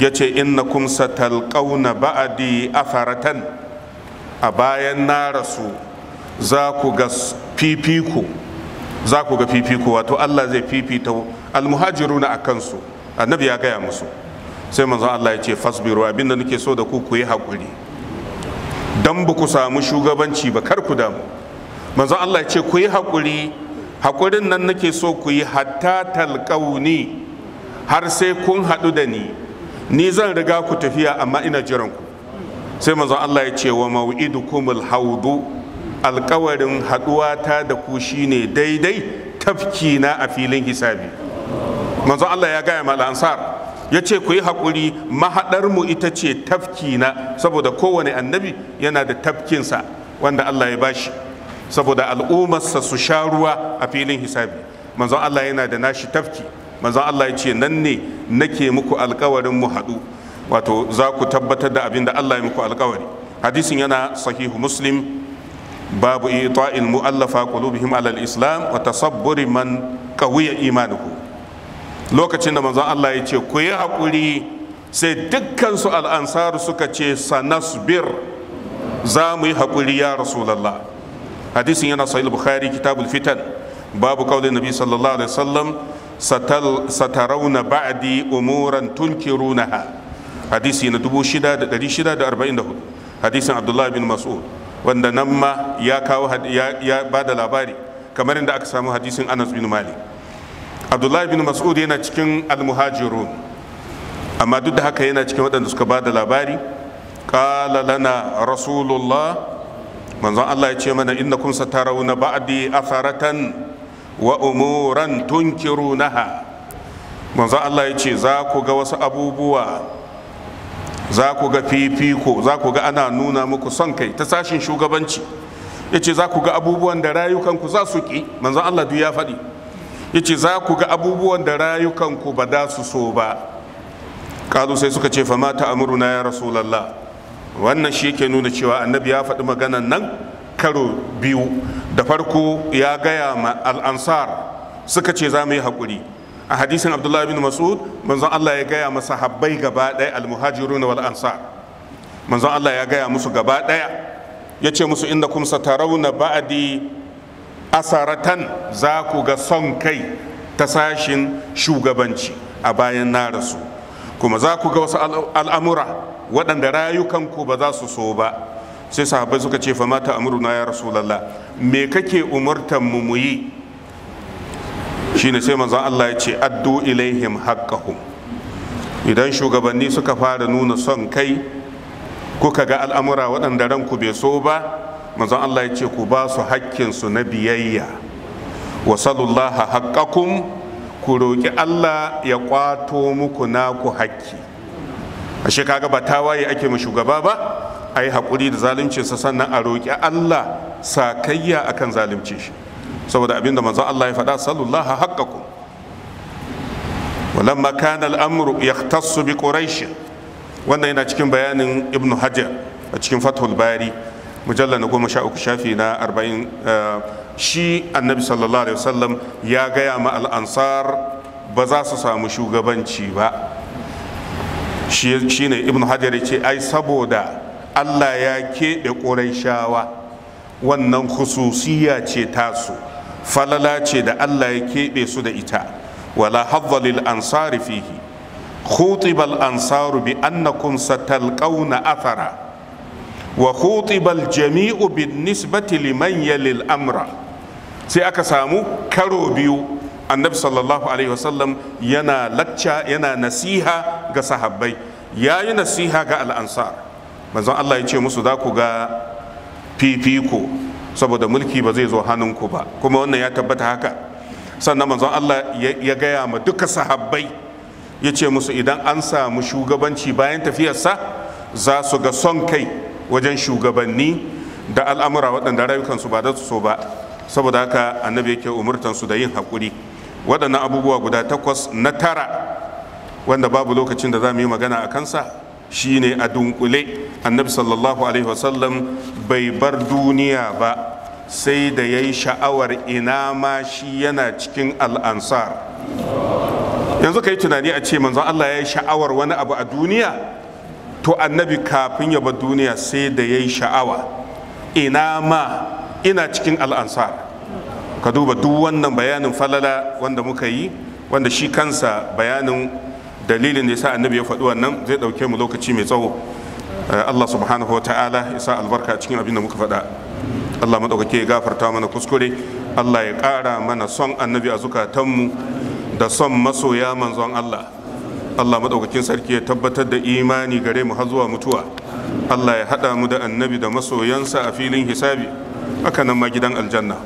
ya ce innakum satalqauna ba'adi afaratan a bayan na rasu za ku ga fifiko wato Allah zai fifita almuhajiruna a kansu annabi ya gaya masu. sai manzon Allah ya ce fasbiru abinda nake so da ku ku yi hakuri don ba ku samu shugabanci ba kar ku damu manzo Allah ya ce ku yi haƙuri haƙurin nan nake so ku yi hatta talƙauni har sai kun haɗu da ni ni zan riga ku tafiya amma ina jiran ku sai manzo Allah ya ce wa kumul haudu alƙawarin haɗuwa ta da ku shine daidai tafki na a filin hisabi manzon Allah ya gaya ma ansar ya ce ku yi haƙuri mahaɗarmu ita ce tafki na saboda kowane annabi yana da tafkinsa wanda Allah ya bashi saboda al'ummarsa su sha ruwa a filin hisabi manzon Allah yana da nashi tafki manzon Allah ya ce nan ne nake muku alkawarin mu haɗu wato za ku tabbatar da abin da Allah ya muku alkawari hadisin yana sahihu muslim babu ita'il mu'allafa qulubihim alal islam wa tasabburi man qawiya imanuhu lokacin da manzon Allah ya ce ku yi haƙuri sai dukkansu al'ansaru suka ce sanasbir za mu yi haƙuri ya rasulallah hadisin yana sahih bukhari kitabul fitan babu kaulin nabi sallallahu alaihi wasallam satarauna ba'di umuran tunkirunaha hadisi na 6644 hadisin abdullahi bin mas'ud wanda nan ma ya kawo ya bada labari kamar inda aka samu hadisin anas bin malik abdullahi bin mas'ud yana cikin almuhajiru amma duk da haka yana cikin waɗanda suka ba da labari ƙala lana rasulullah manzon allah ya ce mana innakum satarawna ba'di atharatan wa umuran tunkirunaha manzon allah ya ce za ku ga wasu abubuwa za ku ga fifiko za ku ga ana nuna muku son kai ta sashin shugabanci ya ce za ku ga abubuwan da rayukanku za su ƙi manzon allah duk ya faɗi yace za ku ga abubuwan da rayukanku ba da su so ba kalu sai suka ce fama ta amuruna ya rasulallah wannan shi yake nuna cewa annabi ya faɗi maganan nan karo biyu da farko ya gaya ma al'ansar suka ce za mu yi haƙuri a hadisin abdullahi bin masud manzon allah ya gaya masa habbai gaba ɗaya almuhajirun wal ansar manzon allah ya gaya musu gaba ɗaya ya ce musu inda kumsa tarauna ba'adi asaratan za ku ga son kai ta sashin shugabanci a bayan na rasu kuma za ku ga wasu al'amura waɗanda rayukanku ba za su so ba sai sahabai suka ce fama ta amuruna ya rasulallah me kake umurtan mu mu yi shine sai manzon Allah ya ce addu ilaihim haqqahum idan shugabanni suka fara nuna son kai kuka ga al'amura waɗanda ranku bai so ba manzon Allah ya ce ku ba su haƙƙinsu na biyayya wa salullaha haqqakum ku roƙi Allah ya ƙwato muku naku haƙƙi ashe kaga ba tawaye ake mu shugaba ba a yi haƙuri da zaluncinsa sannan a roƙi Allah sakayya akan zalunci shi saboda abinda manzon Allah ya faɗa salullaha haqqakum ولما كان الأمر يختص بقريش wannan yana cikin bayanin ibn hajar a cikin fathul bari mujallar na goma sha uku shafi na arba'in eh, shi annabi sallallahu alaihi wasallam ya gaya ma al'ansar ba za su samu shugabanci ba shi ne ibn hajar ya ce ai saboda allah ya keɓe ƙuraishawa shawa wannan hususiya ce tasu falala ce da allah ya keɓe su da ita wala haddalil ansari fihi khutibal ansaru bi annakum satalqawna athara wa khutibal jami'u bin nisbati liman yalil sai aka samu karo biyu annabi sallallahu alaihi wasallam yana yana nasiha ga sahabbai ya yi nasiha ga al'ansar manzon Allah ya ce musu za ku ga fifiko saboda mulki ba zai zo hannunku ba kuma wannan ya tabbata haka sannan manzon Allah ya gaya ma duka sahabbai ya ce musu idan an samu shugabanci bayan tafiyarsa za su ga son kai wajen shugabanni da al'amura waɗanda rayukansu ba da su so ba saboda haka annabi yake umurtansu da yin haƙuri waɗannan abubuwa guda takwas na tara wanda babu lokacin da za mu yi magana a kansa shine a dunkule annabi sallallahu alaihi wasallam bai bar duniya ba sai da ya yi sha'awar ina ma shi yana cikin al'ansar yanzu ka yi tunani a ce manzon allah ya yi sha'awar wani abu a duniya to annabi kafin ya bar duniya sai da ya yi sha'awa ina ma ina cikin al'ansar ka duba duk wannan bayanin falala wanda muka yi wanda shi kansa bayanin dalilin da ya sa annabi ya faɗi wannan zai ɗauke mu lokaci mai tsawo eh, Allah subhanahu wa ta'ala ya sa albarka cikin abin da muka faɗa Allah maɗaukake ya gafarta mana kuskure Allah ya ƙara mana son annabi a zukatanmu da son masoya manzon Allah allah maɗaukakin sarki ya tabbatar da imani gare mu har zuwa mutuwa allah ya haɗa mu da annabi da masoyansa a filin hisabi haka ma gidan aljanna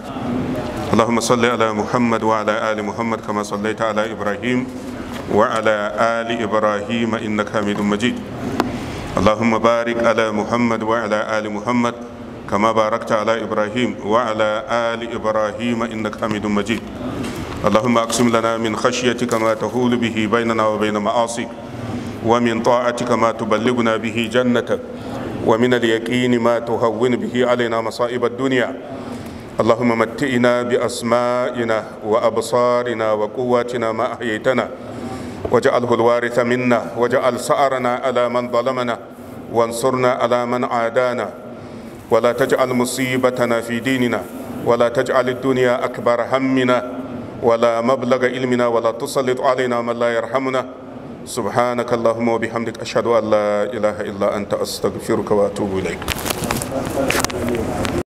allahumma salli ala muhammad wa muhammad kama sallaita ala ibrahim wa ali ibrahim innaka hamidum majid اللهم بارك على محمد وعلى آل محمد كما باركت على إبراهيم وعلى آل إبراهيم إنك حميد مجيد اللهم اقسم لنا من خشيتك ما تهول به بيننا وبين معاصيك ومن طاعتك ما تبلغنا به جنتك ومن اليقين ما تهون به علينا مصائب الدنيا اللهم متئنا بأسمائنا وأبصارنا وقواتنا ما أحييتنا وجعله الوارث منا واجعل سأرنا على من ظلمنا وانصرنا على من عادانا ولا تجعل مصيبتنا في ديننا ولا تجعل الدنيا أكبر همنا ولا مبلغ علمنا ولا تسلط علينا من لا يرحمنا سبحانك اللهم وبحمدك أشهد أن لا إله إلا أنت أستغفرك وأتوب إليك